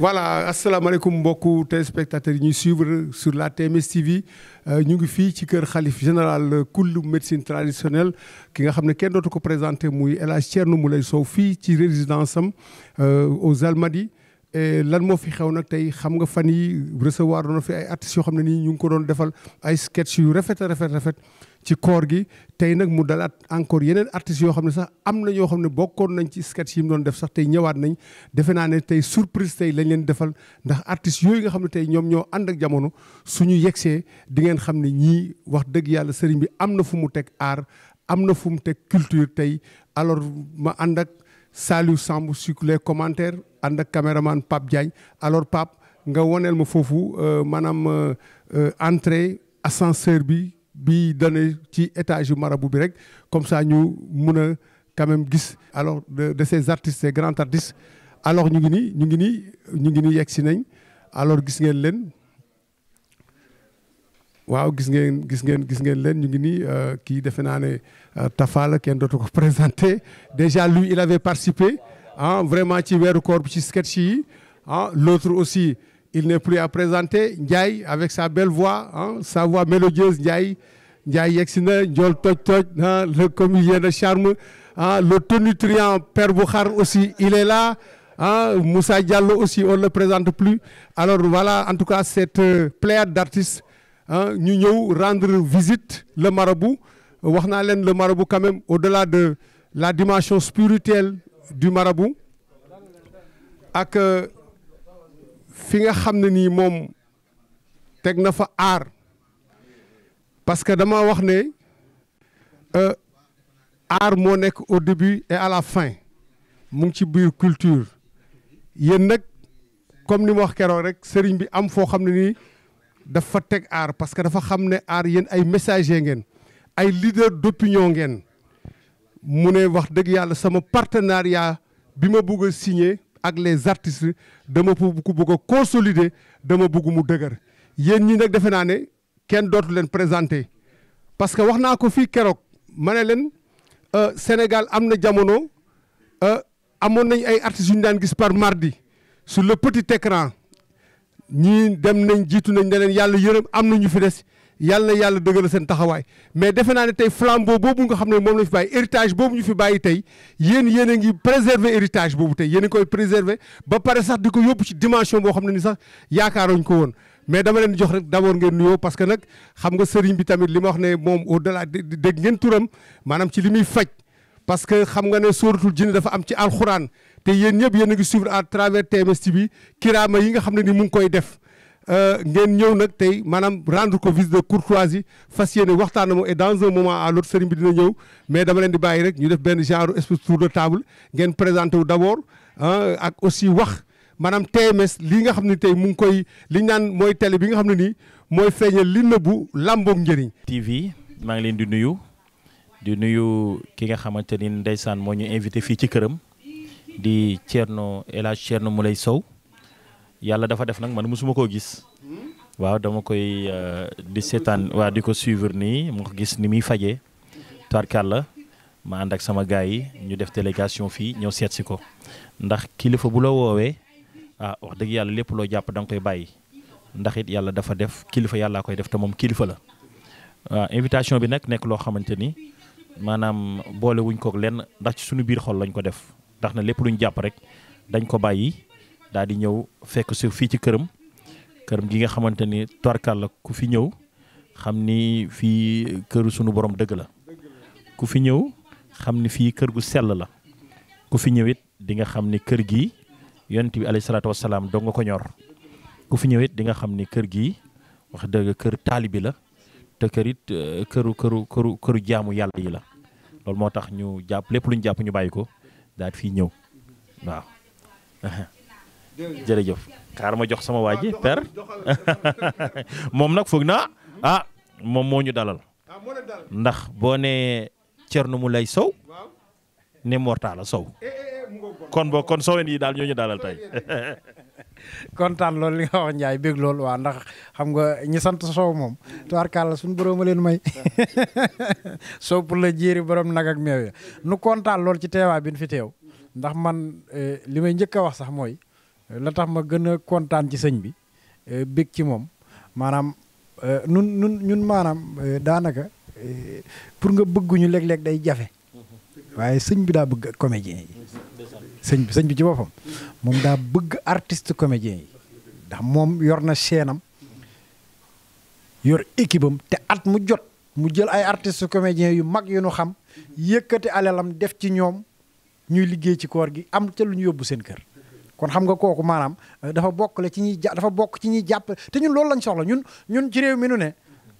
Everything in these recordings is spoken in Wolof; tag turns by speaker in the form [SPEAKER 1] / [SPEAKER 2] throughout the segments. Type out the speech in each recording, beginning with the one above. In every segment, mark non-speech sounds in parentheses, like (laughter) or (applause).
[SPEAKER 1] voilà asalaamaaleykum mbokku téléspectateurs yi ñuy suivre sur la TMS TV euh, ñu ngi fii ci kër xalif général kull médecine traditionnelle ki nga xam ne kenn dootu ko présenté muy El Hadj Thierno Moulay Sow fii ci résidence am euh, aux Almadies lan moo fi xew nag tey xam nga fan yi recevoir doona fi ay artistes yoo xam ne nii ñu ngi ko doon defal ay sketch yu rafet a rafet rafet ci koor gi tey nag mu dalaat encore yeneen artistes yoo xam ne sax am na ñoo xam ne bokkoon nañ ci sketch yi mu doon def sax tey ñëwaat nañ defe naa ne tey surprise tey lañ leen defal ndax artistes yooyu nga xam ne tey ñoom ñoo ànd ak jamono su suñu yegsee di ngeen xam ne ñii wax dëgg yàlla sëriñ bi am na fu mu teg art am na fu mu teg culture tey alors ma ànd ak salu Samb sur les commentaires ànd ak caméraman Pape Diagne alors Pape nga woneel ma foofu euh, maanaam euh, euh, entrée ascenseur bi bi donné ci étage yu marabu bi rek comme ça ñu mun a quand gis alors de de ces artistes ces grands artistes alors ñu ngi nii ñu ngi nii ñu ngi nii yegg si nañ alors gis ngeen leen waaw gis ngeen gis ngeen gis ngeen leen ñu ngi nii euh, kii defe naa ne euh, Tafala kenn dootu ko (laughs) présenté déjà lui il avait participé ah vraiment ci weeru koor bi ci sketch yi ah l'autre aussi il n'est plus à présenter Ndiaye avec sa belle voix sa voix mélodieuse Ndiaye Ndiaye yegsi na njool toj toj ah le comédien de charme ah le tonitruand père bu xar aussi il est là ah Moussa Diallo aussi on le présente plus alors voilà en tout cas cette euh, pléiade d'artistes ñu ñëw rendre visite le marabout wax naa leen le marabout quand au-delà de la dimension spirituelle du marabout euh, fi nga xam ne nii moom teg na fa aar parce que dama wax ne euh, aar moo nekk au début et à la fin mu ngi ci biir culture yéen nag comme ni ma wax keroog rek sëriñ bi am foo xam ne nii dafa teg aar parce que dafa xam ne aar yéen ay messager ngeen ay leader d'opinion ngeen mu ne wax dëgg yàlla sama partenariat bi ma bëgg signe ak les artistes dama ko bëgg a consolider dama bëgg mu dëgër yéen ñi nag defe naa ne kenn dootu leen présenter parce que wax naa ko fii keroog ma ne leen euh, Sénégal am na jamono euh, amoon nañ ay artistes yu ñu daan gis par mardi su le petit écran ñii dem nañ jiitu nañ ne yàlla yërëm am na ñu fi des. yàlla na yàlla dëggal seen taxawaay mais defe naa ne tey flambeau boobu nga xam ne moom la fi bàyyi boobu ñu fi bàyyi tey yéen yéen ngi préserver héritage boobu tey yéen a koy préserver ba pare sax ko yóbbu ci dimension boo xam ne ni sax yaakaaroñ ko woon mais dama leen jox rek d'abord ngeen nuyoo parce que nag xam nga sëriñ bi tamit li ma wax ne moom au delà dégg ngeen turam maanaam ci li muy faj parce que xam nga ne sóoratul jinne dafa am ci alxuraan te yéen ñëpp yéen a ngi suivre à travers TMS TV bi yi nga xam ne ni mu ngi koy def Euh, ngeen ñëw nag tey maanaam rendre ko visite de courtoisie fas yéene waxtaan na moom et dans un moment à l'autre sëriñ bi dina ñëw mais dama leen di bàyyi rek ñu def benn genre espèce tour de table ngeen présenté wu d'abord ak aussi wax maanaam TMS lii nga xam ne tey mu ngi koy li naan mooy télé bi nga xam ne nii mooy feeñal
[SPEAKER 2] li nëbbu làmboom njëriñ. TV maa ngi leen di nuyu di nuyu ki nga xamante ni ndeysaan moo ñu invité fii ci këram di Thierno El Hadj Thierno Moulay Sow. yàlla dafa def nag man suma koo gis waaw dama koy euh, di seetaan waa di ko suivre nii ma ko gis ni muy fajee tarkalla ma ànd ak sama gars yi ñu def délégation fii ñëw seet si ko ndax kilifa bu la woowee ah wax dëgg yàlla lépp loo jàpp da koy bàyyi ndax it yàlla dafa def kilifa yàllaa koy def te moom kilifa la waaw invitation bi nag nekk loo xamante ni maanaam boole wuñ kook lenn ndax ci suñu biir xol lañu ko def ndax na lépp luñu jàpp rek dañ ko bàyyi. daal di ñëw fekk si fii ci këram këram gi nga xamante ni torkal la ku fi ñëw xam ni fii këru sunu borom dëgg la ku fi ñëw xam ni fii kër gu sell la ku fi ñëw dinga xam ni kër gi yonent bi alayhi salaatu wasalaam doo nga ko ñor ku fi ñëw it di nga xam ni kër gi wax dëgg kër taalibi la te kër it eh, këru këru këru këru jaamu yàlla yi la loolu moo tax ñu jàpp lépp lu ñu jàpp ñu bàyyi ko daal fi ñëw waaw (laughs) jërëjëf xaar ma jox sama waa ji ah, père (laughs) moom nag foog naa a ah, moom moo ñu dalal ah, ndax boo nee mu lay Sow ne Mortala Sow eh, eh, eh, kon boo kon sowen yi daal ñoo ñu dalal tey. (laughs)
[SPEAKER 3] kontaan loolu li nga wax Ndiaye bég loolu waa ndax xam nga ñi sant Sow moom tubaarkàlla suñu borom a leen may (laughs) Sow pour la jéeri borom nag ak meew ya nu kontaan lool ci teewaay bi ñu fi teew ndax man li may njëkk a wax sax mooy. la tax ma gën kontaan ci sëñ bi euh, bég ci moom maanaam euh, nun nun ñun maanaam euh, daanaka pour nga bëgguñu léeg-léeg day jafe waaye sëñ bi daa bëgg comédien yi sëñ bi sëñ bi ci boppam moom daa bëgg artiste comédien yi ndax moom yor na chaîne yor équipe te at mu jot mu jël ay artiste comédien yu mag yu nu xam yëkkati alalam def ci ñoom ñuy liggéey ci koor gi am ca lu ñu yóbbu seen kër kon xam nga kooku maanaam euh, dafa bokk la ci ñuy ja dafa bokk ci ñuy jàpp te ñun loolu lañ soxla ñun ñun ci réew mi nu ne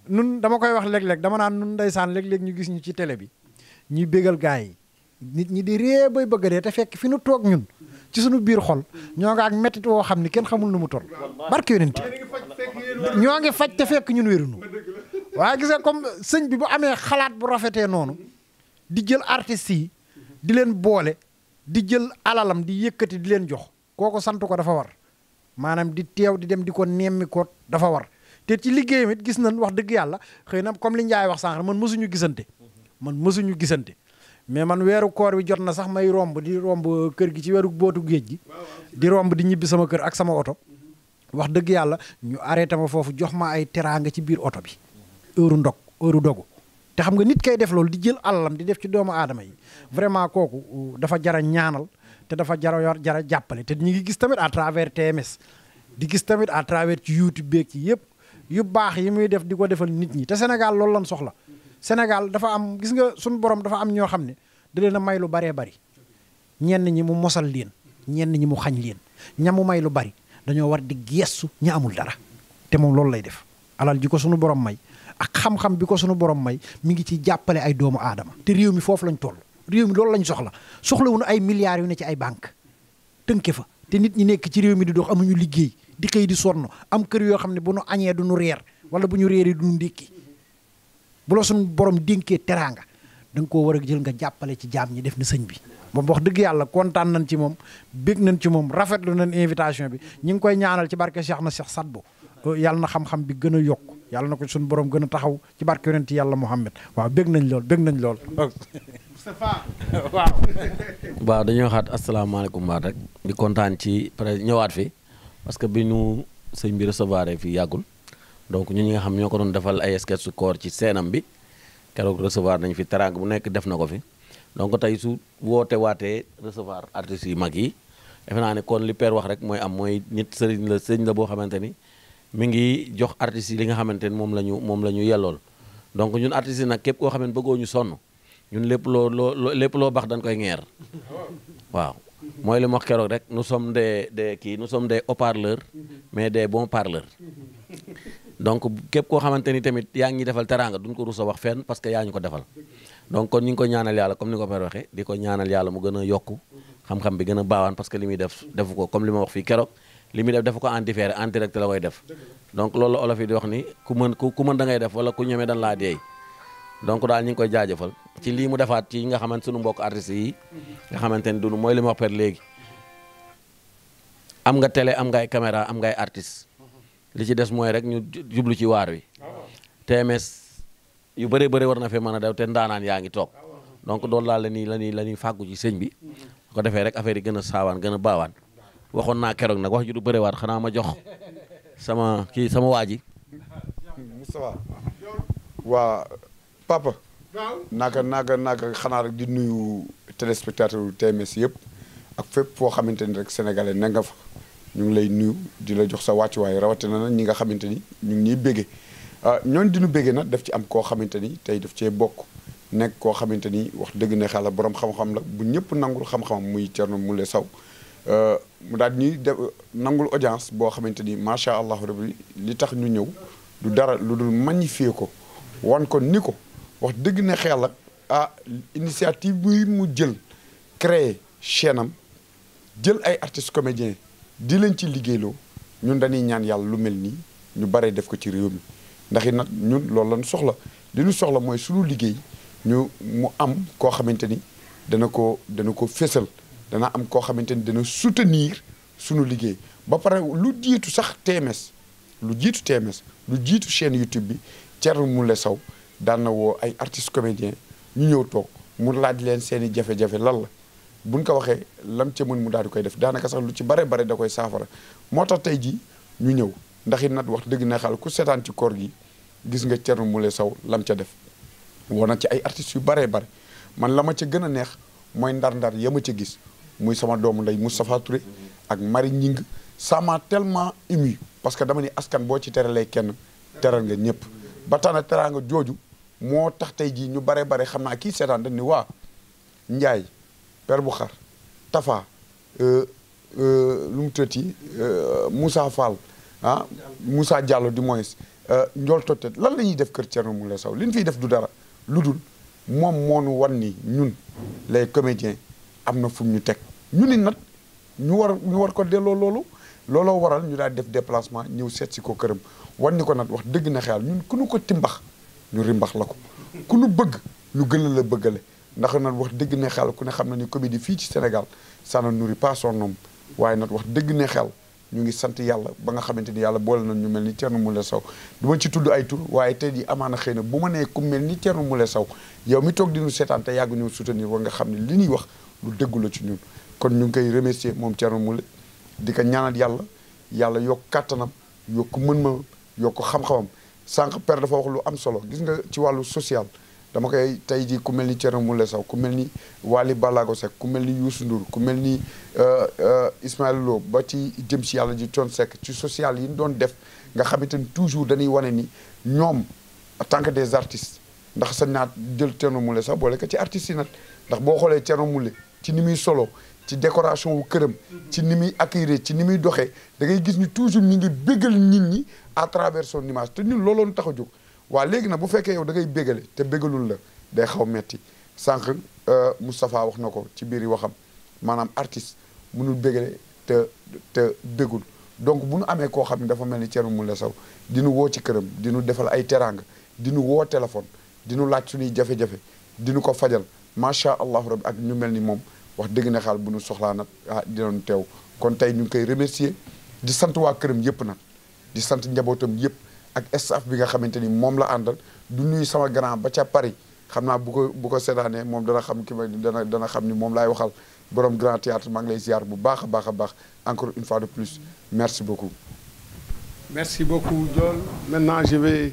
[SPEAKER 3] nun dama koy wax léeg-léeg dama naan nun ndeysaan léeg-léeg ñu gis ñu ci télé bi ñuy bégal gars yi nit ñi di ree bay bëgg dee te fekk fi nu toog ñun ci suñu biir xol ñoo nga ak mettit woo xam ni kenn xamul nu mu toll barke yonent ñoo ngi faj te fekk ñun wérunu waaye gis nga comme sëñ bi bu amee xalaat bu rafetee noonu di jël artistes yi di leen boole di jël alalam di yëkkati di leen jox kooko sant ko dafa war maanaam di teew di dem di ko nemmi ko dafa war te ci liggéeyam it gis nañ wax dëgg yàlla xëy na comme li Njaay wax sànq man mësuñu gisante man mësuñu gisante mais man weeru koor wi jot na sax may romb di romb kër gi ci weeru bootu géej gi di romb di ñibbi sama kër ak sama oto wax dëgg yàlla ñu arrêté ma foofu jox ma ay teraanga ci biir oto bi heure ndog heure dogu te xam nga nit kay def loolu di jël alalam di def ci doomu aadama yi vraiment kooku uh, dafa jara ñaanal te dafa jaro yor jara jàppale te ñu ngi gis tamit à travers TMS di gis tamit à travers ci YouTube beek ci yëpp yu baax yi muy def di ko defal nit ñi te Sénégal loolu lan soxla Sénégal dafa am gis nga suñu borom dafa am ñoo xam ne da leen a may lu baree bari ñenn ñi mu mosal leen ñenn ñi mu xañ leen ñamu may lu bari dañoo war di gestu ña amul dara te moom loolu lay def alal ji ko suñu borom may ak xam-xam bi ko suñu borom may mu ngi ci jàppale ay doomu aadama te réew mi foofu lañ toll réew mi loolu lañ soxla wu soxlawuñu ay milliards yu ne ci ay banque tënke fa te nit ñi nekk ci réew mi di dox amuñu liggéey di xëy di sonn am kër yoo xam ne bu nu añee du nu reer wala bu ñu reeree du nu ndékki bu la suñu borom dénkee teraanga da nga koo war a jël nga jàppale ci jaam ñi def na sëñ bi. moom wax dëgg yàlla kontaan nañ ci moom bég nañ ci moom rafetlu nan invitation bi ñu ngi koy ñaanal ci barke Cheikh na seex sat Sadbo euh, yàlla na xam bi gën a yokku yàlla na ko suñu borom gën a taxaw ci barke yonent yàlla Muhammad waaw bég nañ lool bég nañ lool. (laughs) (laughs) waaw. (laughs)
[SPEAKER 4] waaw dañuy waxaat asalaamaaleykum waat rek di kontaan ci pare ñëwaat fi parce que bi ñu sëñ bi recevoir fii yàggul donc ñun ñi nga xam ñoo ko doon defal ay sketch su koor ci seenam bi keroog recevoir nañ fi teraanga bu nekk def na ko fi donc tey su woote waatee recevoir yu mag yi defe naa ne kon li wax rek mooy am mooy nit sëriñ la sëñ la boo xamante ni mi ngi jox artistes li nga xamante ni moom la ñu moom la ñu yellool donc ñun artistes yi nag képp koo xam ne bëggoo ñu sonn. ñun lépp loo loo lépp loo baax dañ koy ŋeer waaw mooy li ma wax keroog rek nous sommes des des kii nous sommes des haut-parleurs mais des bons parleurs donc képp koo xamante ni tamit yaa ngi defal teraanga duñ ko rus a wax fenn parce que yaa ñu ko defal donc kon ñu ngi ko ñaanal yàlla comme ni ko père waxee di ko ñaanal yàlla mu gën a yokku xam-xam bi gën a baawaan parce que li muy def defu ko comme li ma wax fii keroog li muy def defu ko en différé en direct la koy def donc loolu la olof yi di wax ni ku mën ku mën da ngay def wala ku ñeme dañ laa deey donc daal ñu ngi koy jaajëfal ci lii mu defaat ci nga xamante sunu mbokk artistes yi nga xamante ni dunu mooy lim ma wax per léegi am nga télé am ngay caméra am ngay artiste li ci des mooy rek ñu jublu ci waar wi TMS yu bëree bëri war na fee mën a def te ndaanaan yaa ngi toog donc doolu laal la ñuy la ñuy la ñuy fàggu ci sëñ bi su ko defee rek affaire yi gën a saawaan gën a baawaan waxoon naa keroog nag wax ju du bëriwaat xanaa ma jox sama kii sama waa ji
[SPEAKER 5] papa. waaw naaka naaka naaka xanaa rek di nuyu téléspectateur TMS yëpp ak fépp foo xamante ni rek sénégalais na fa ñu ngi lay nuyu di la jox sa wàccuwaay rawatina na ñi nga xamante ni ñu ngi ñuy bége ah, ñooñu di nu bége nag daf ci am koo xamante ni tey daf cee bokk nekk koo xamante ni wax dëgg ne xala borom xam-xam la bu ñëpp nangul xam-xamam muy Thierno Moule Sow ah, mu daal ñuy def nangul audience boo xamante ni macha allah rabbi li tax ñu ñëw du dara lu dul magnifier ko wan ko ni ko. wax dëgg na xel la ah initiative bi mu jël créer chaîne am jël ay artistes comédiens di leen ci liggéeyloo ñun dañuy ñaan yàlla lu mel nii ñu baree def ko ci réew mi ndax it nag ñun loolu soxla li ñu soxla mooy suñu liggéey ñu mu am koo xamante ni dana ko dana ko fésal dana am koo xamante ni dana soutenir suñu liggéey ba pare lu jiitu sax TMS lu jiitu teemes lu jiitu chaîne YouTube bi Thierno Moule Sow daan na woo ay artistes comédiens ñu ñëw toog mu laaj leen seen i jafe-jafe lan la buñ ko waxee lam ca mën mu daal di koy def daanaka sax lu ci bare bare da koy saafara moo tax tey jii ñu ñëw ndax it nag wax dëgg na xal ku seetaan ci koor gi gis nga Thierno Moule saw lam ca def woo na ci ay artistes yu baree bare man la ma ca gën a neex mooy ndar-ndar ya ma ca gis muy sama doomu nday Moustapha Touré ak Marie Ñing ça m'a tellement ému parce que dama ni askan boo ci teralee kenn teral nga ñëpp ba tax teraanga jooju moo tax tey jii ñu bare bare xam naa kii seetaan dañ waa Njaay per bu xar Tafa euh, euh, lu mu tëti euh, Moussa Fall ah Moussa Diallo du moins njool tottet lan la ñuy def kër mu Moule saw li ñu fiy def du dara lu dul moom moo nu wan ni ñun les comédiens am na fu ñu teg ñu ni nag ñu war ñu war ko delloo loolu looloo waral ñu daal def déplacement ñëw seet si ko këram wan ni ko nag wax dëgg na xeyal ñun ku ñu ko timbax ñu rimbax la ko ku nu bëgg ñu gën la la bëggale ndax nag wax dëgg ne xel ku ne xam na ni comédie fii ci Sénégal ça ne nourrit pas son nom waaye nag wax dëgg ne xel ñu ngi sant yàlla ba nga xamante ni yàlla boole nañ ñu mel ni Thierno Moule Sow du ma ci tudd ay tur waaye tey amaan a xëy na bu ma nee ku mel ni Thierno Moule Sow yow mi toog di ñu seetaan te yàgg ñu soutenir wa nga xam ne li ñuy wax lu dëggu la ci ñun kon ñu ngi koy remercier moom Thierno Moule di ko ñaanal yàlla yàlla yokk kàttanam yokk mën ma yokk xam sànq père dafa wax lu am solo gis nga ci wàllu social dama koy tey jii ku mel ni Thierno Moule saw ku mel ni Waly Ballago Seck ku mel ni Youssou Ndour ku mel ni euh, euh, Ismaël Lo ba ci jëm si yàlla ji Thione Seck ci social yi ñu doon def nga xamante ni toujours dañuy wane ni ñoom en tant que des artistes ndax sa naat jël Thierno Moule Sow boole ci artistes yi nag ndax boo xoolee Thierno Moule ci ni muy solo ci décoration wu këram ci ni muy accueillir ci ni muy doxee da ngay gis ni toujours ñi ngi bégal nit ñi à travers son image te ñun looloon tax a jóg waa léegi nag bu fekkee yow da ngay bégale te bégalul la day xaw metti sànq euh, Moustapha wax na ko ci biir yi waxam maanaam artiste mënul bégale te te bégul donc bu nu amee koo xam ne dafa mel ni Thierno Moule Sow dinu woo ci këram dinu defal ay teraanga dinu woo téléphone dinu laaj suñuy jafe-jafe dinu ko fajal macha allahu rabbi ak ñu mel ni moom wax dëgg na xaal bu nu soxlaa nag ah dinañ teew kon tey ñu ngi koy remercier di sant waa këram yëpp nag di sant njabootam yëpp ak staff bi nga xamante ni moom la àndal du nuyu sama grand ba ca Paris xam naa bu ko bu ko seetaanee moom dana xam ki ma dana dana xam ni moom laay waxal borom grand théâtre maa ngi lay ziar bu baax a baax a baax encore une fois de plus merci beaucoup.
[SPEAKER 1] merci beaucoup Diol maintenant je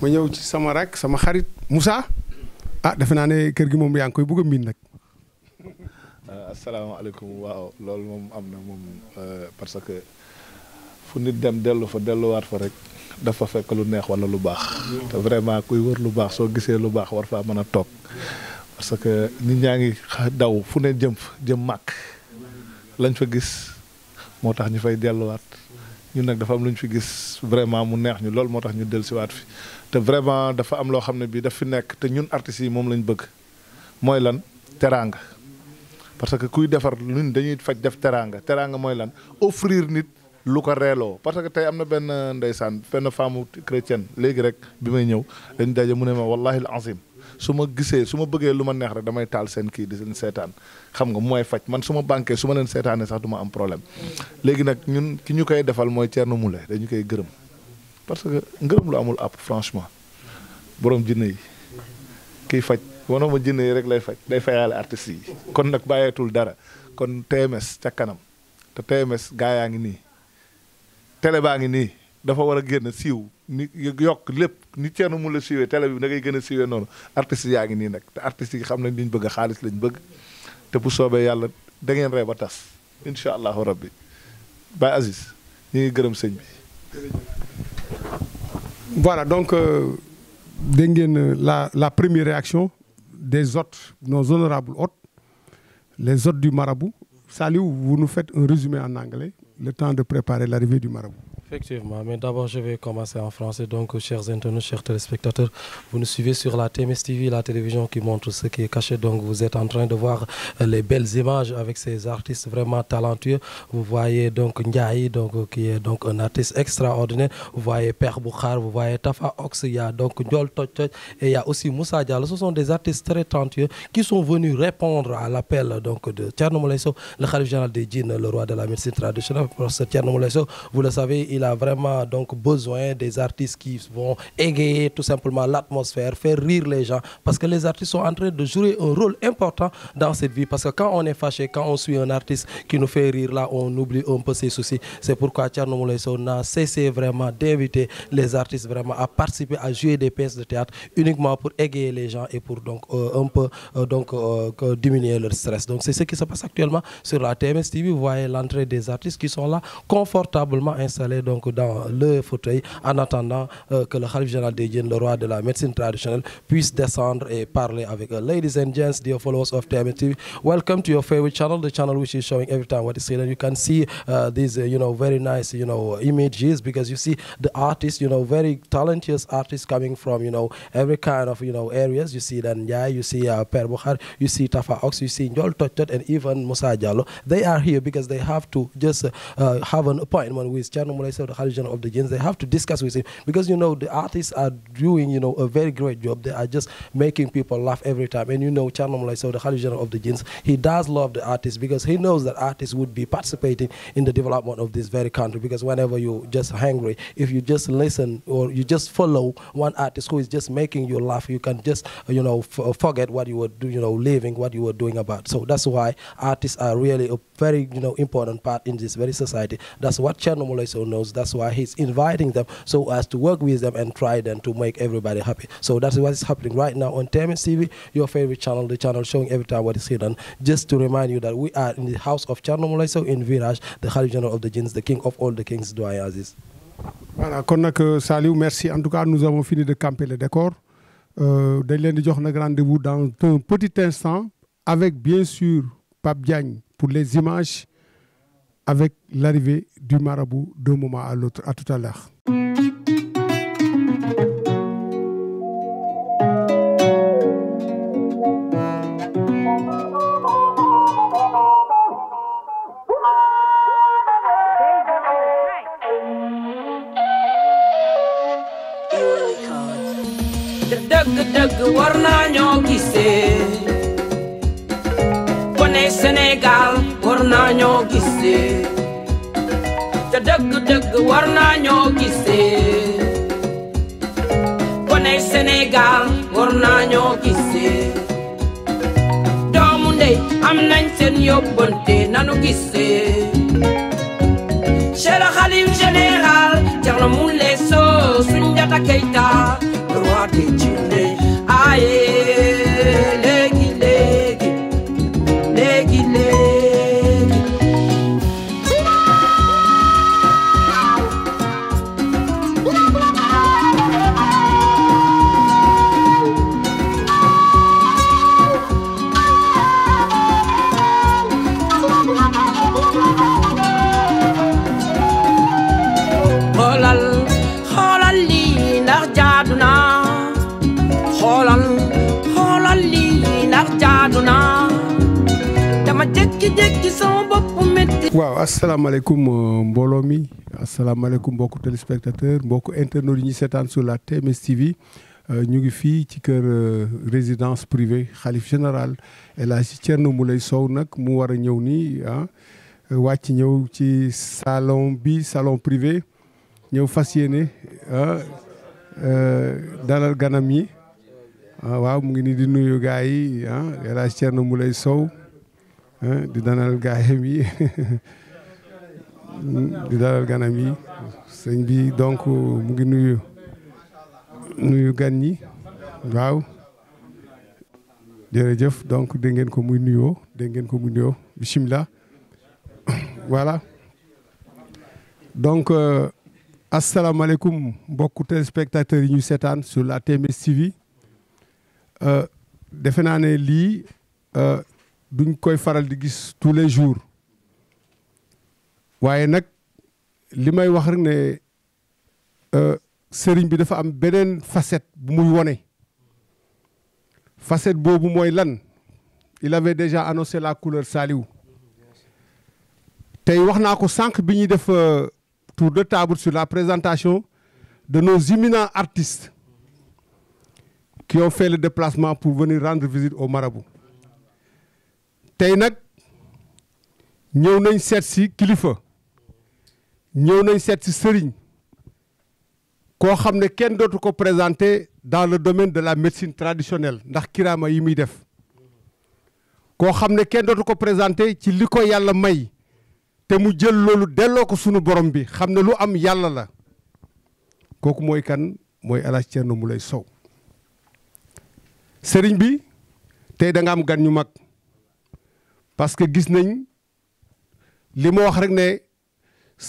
[SPEAKER 1] ma ñëw ci sama rek sama xarit Moussa ah defe naa ne kër gi moom yaa ngi koy bëgg a miin
[SPEAKER 6] nag.
[SPEAKER 7] asalaamaaleykum waaw loolu moom am na moom euh, parce que fu nit dem dellu fa delluwaat fa rek dafa fekk lu neex wala lu baax te vraiment kuy wër lu baax soo gisee lu baax war faa mën a toog parce que nit ñaa ngi daw fu ne jëm jëm màkk lañ fa gis moo tax ñu fay delluwaat ñun nag dafa am fi gis vraiment mu neex ñu loolu moo tax ñu dellusiwaat fi te vraiment dafa am loo xam ne bii daf fi nekk te ñun artistes yi moom lañ bëgg mooy lan teraang parce que kuy defar ñun dañuy faj def teraanga teraanga mooy lan offrir nit lu ko reeloo parce que tey am na benn ndeysaan benn femme chrétienne léegi rek bi may ñëw dañ daje mu ne ma wallahi azim su ma gisee su ma bëggee lu ma neex rek damay taal seen kii di seen seetaan xam nga mooy faj man su ma banquee su ma leen seetaanee sax du ma am problème léegi nag ñun ki ñu koy defal mooy nu Moule dañu koy gërëm parce que ngërëm lu amul àpp franchement borom jinne faj. wanoo ma jinne yi rek lay faj day fayaale artistes yi kon nag bàyyeetul dara kon TMS ca kanam te TMS gaa yaa ngi nii tele baa ngi nii dafa war a génn siiw ni yokk lépp ni Thierno Moule siiwee télé bi da ngay gën a siiwee noonu artistes yaa ngi nii nag te artistes yi xam nañ liñ bëgg xaalis lañ bëgg te bu soobee yàlla da ngeen ree ba tas incha allahu rabbi
[SPEAKER 1] Baye Aziz ñu ngi gërëm sëñ bi. voilà donc euh, dégg euh, la la première réaction. des hôtes, non honorables hôtes, les hôtes du marabout. Salut, vous nous faites un résumé en anglais, le temps de
[SPEAKER 8] préparer l'arrivée du marabout. Effectivement, mais d'abord je vais commencer en français. Donc, chers internautes, chers téléspectateurs, vous nous suivez sur la TMS TV, la télévision qui montre ce qui est caché. Donc, vous êtes en train de voir euh, les belles images avec ces artistes vraiment talentueux. Vous voyez donc Ndiaye, donc, euh, un artiste extraordinaire. Vous voyez Père Boukhar, vous voyez Tafa Ox, il a donc Ndiol et il y a aussi Moussa Diallo. Ce sont des artistes à l'appel donc de Tcherno le roi de la médecine traditionnelle. il a vraiment donc besoin des artistes qui vont égayer tout simplement l'atmosphère, faire rire les gens, parce que les artistes sont en train de jouer un rôle important dans cette vie, parce que quand on est fâché, quand on suit un artiste qui nous fait rire, là, on oublie un peu ses soucis. C'est pourquoi Thierno Moule Sow n'a cessé vraiment d'inviter les artistes à participer, à jouer des pièces de théâtre uniquement pour égayer les gens et pour euh, donc dans le fauteuil en attendant euh, que le Khalif général le roi de la médecine traditionnelle, puisse descendre et parler avec euh, Ladies and gents, dear followers of TMS TV, welcome to your favorite channel, the channel which is showing every time what is here. you can see uh, these, uh, very nice, artists, coming from, every kind of, areas. You see Dan Ndiaye, you see uh, Per you see Tafa Ox, you see Njol Totot, and even Musa Diallo. They are here because they myself the Khalid General of the Gens, they have to discuss with him because you know the artists are doing you know a very great job. They are just making people laugh every time. And you know Chanam myself the Khalid General of the Gens, he does love the artists because he knows that artists would be participating in the development of this very country. Because whenever you just hungry, if you just listen or you just follow one artist who is just making you laugh, you can just you know uh, forget what you were do, you know living, what you were doing about. So that's why artists are really a very you know important part in this very society. That's what Chanam Mulaiso knows. those. That's why he's inviting them so as to work with them and try them to make everybody happy. So that's what is happening right now on Temis TV, your favorite channel, the channel showing every time what is hidden. Just to remind you that we are in the house of Chernomolay, so in Viraj, the Khalif General of the Jinns, the king of all the kings, Douai Aziz. Voilà, kon euh,
[SPEAKER 1] camper le décor. Euh, dañ leen di jox nag rendez dans un petit instant avec bien sûr avec l'arrivée du marabout d'un moment à l'autre. À tout à l'heure.
[SPEAKER 6] dëgg-dëgg war naa ñoo gisee gone Sénégal war ñoo gisee war naa ñoo gisee gone Sénégal war naa ñoo gisee doomu ndey am nañ seen yóbbante nanu gisee Cheikh Khalif général Thierno Moule Sow Soundiata Keita le roi des Djinné ayé
[SPEAKER 1] waaw asalaamaaleykum euh, mbooloo mi asalaamaaleykum mbokku téléspectateur mbokku internautes yi ñu seetaan sur la TMS TV euh, ñu ngi fii ci kër euh, résidence privée xalif général El Hadj Thierno Moulay Sow nag mu war a ñëw nii ah wàcc ñëw ci salon bi salon privé ñëw fas yéene ah, dalal ganam yi ah, waaw mu ngi nii di nuyu gars yi ah El Hadj Thierno Moulay Sow. di danal gaayam yi di dalal ganam yi sëñ bi donc mu ngi nuyu nuyu gan ñi waaw jërëjëf donc dégg ngeen ko muy nuyoo dégg ko muy nuyoo bisimilah voilà donc euh, asalaamaaleykum mbokku téléspectateurs yi ñuy seetaan sur la TMS TV euh, defe naa ne lii euh, duñ koy faral di gis tous les jours waaye nag li may wax rek ne euh, sëriñ bi dafa am beneen facette bu muy wone facette boobu mooy lan il avait déjà annoncé la couleur Saliou tey wax naa ko sànq bi ñuy def euh, tour de table sur la présentation de nos éminents artistes qui ont fait le déplacement pour venir rendre visite au marabout tey nag ñëw nañ seet si kilifa ñëw nañ seet si sëriñ koo xam ne kenn dootu ko présenté dans le domaine de la médecine traditionnelle ndax kiraama yi muy def koo xam ne kenn dootu ko présenté ci li ko yàlla may te mu jël loolu delloo ko sunu borom bi xam ne lu am yàlla la kooku mooy kan mooy El Hadj Thierno Moulay Sow sëriñ bi tey da am gan ñu mag parce que gis nañ li ma wax rek ne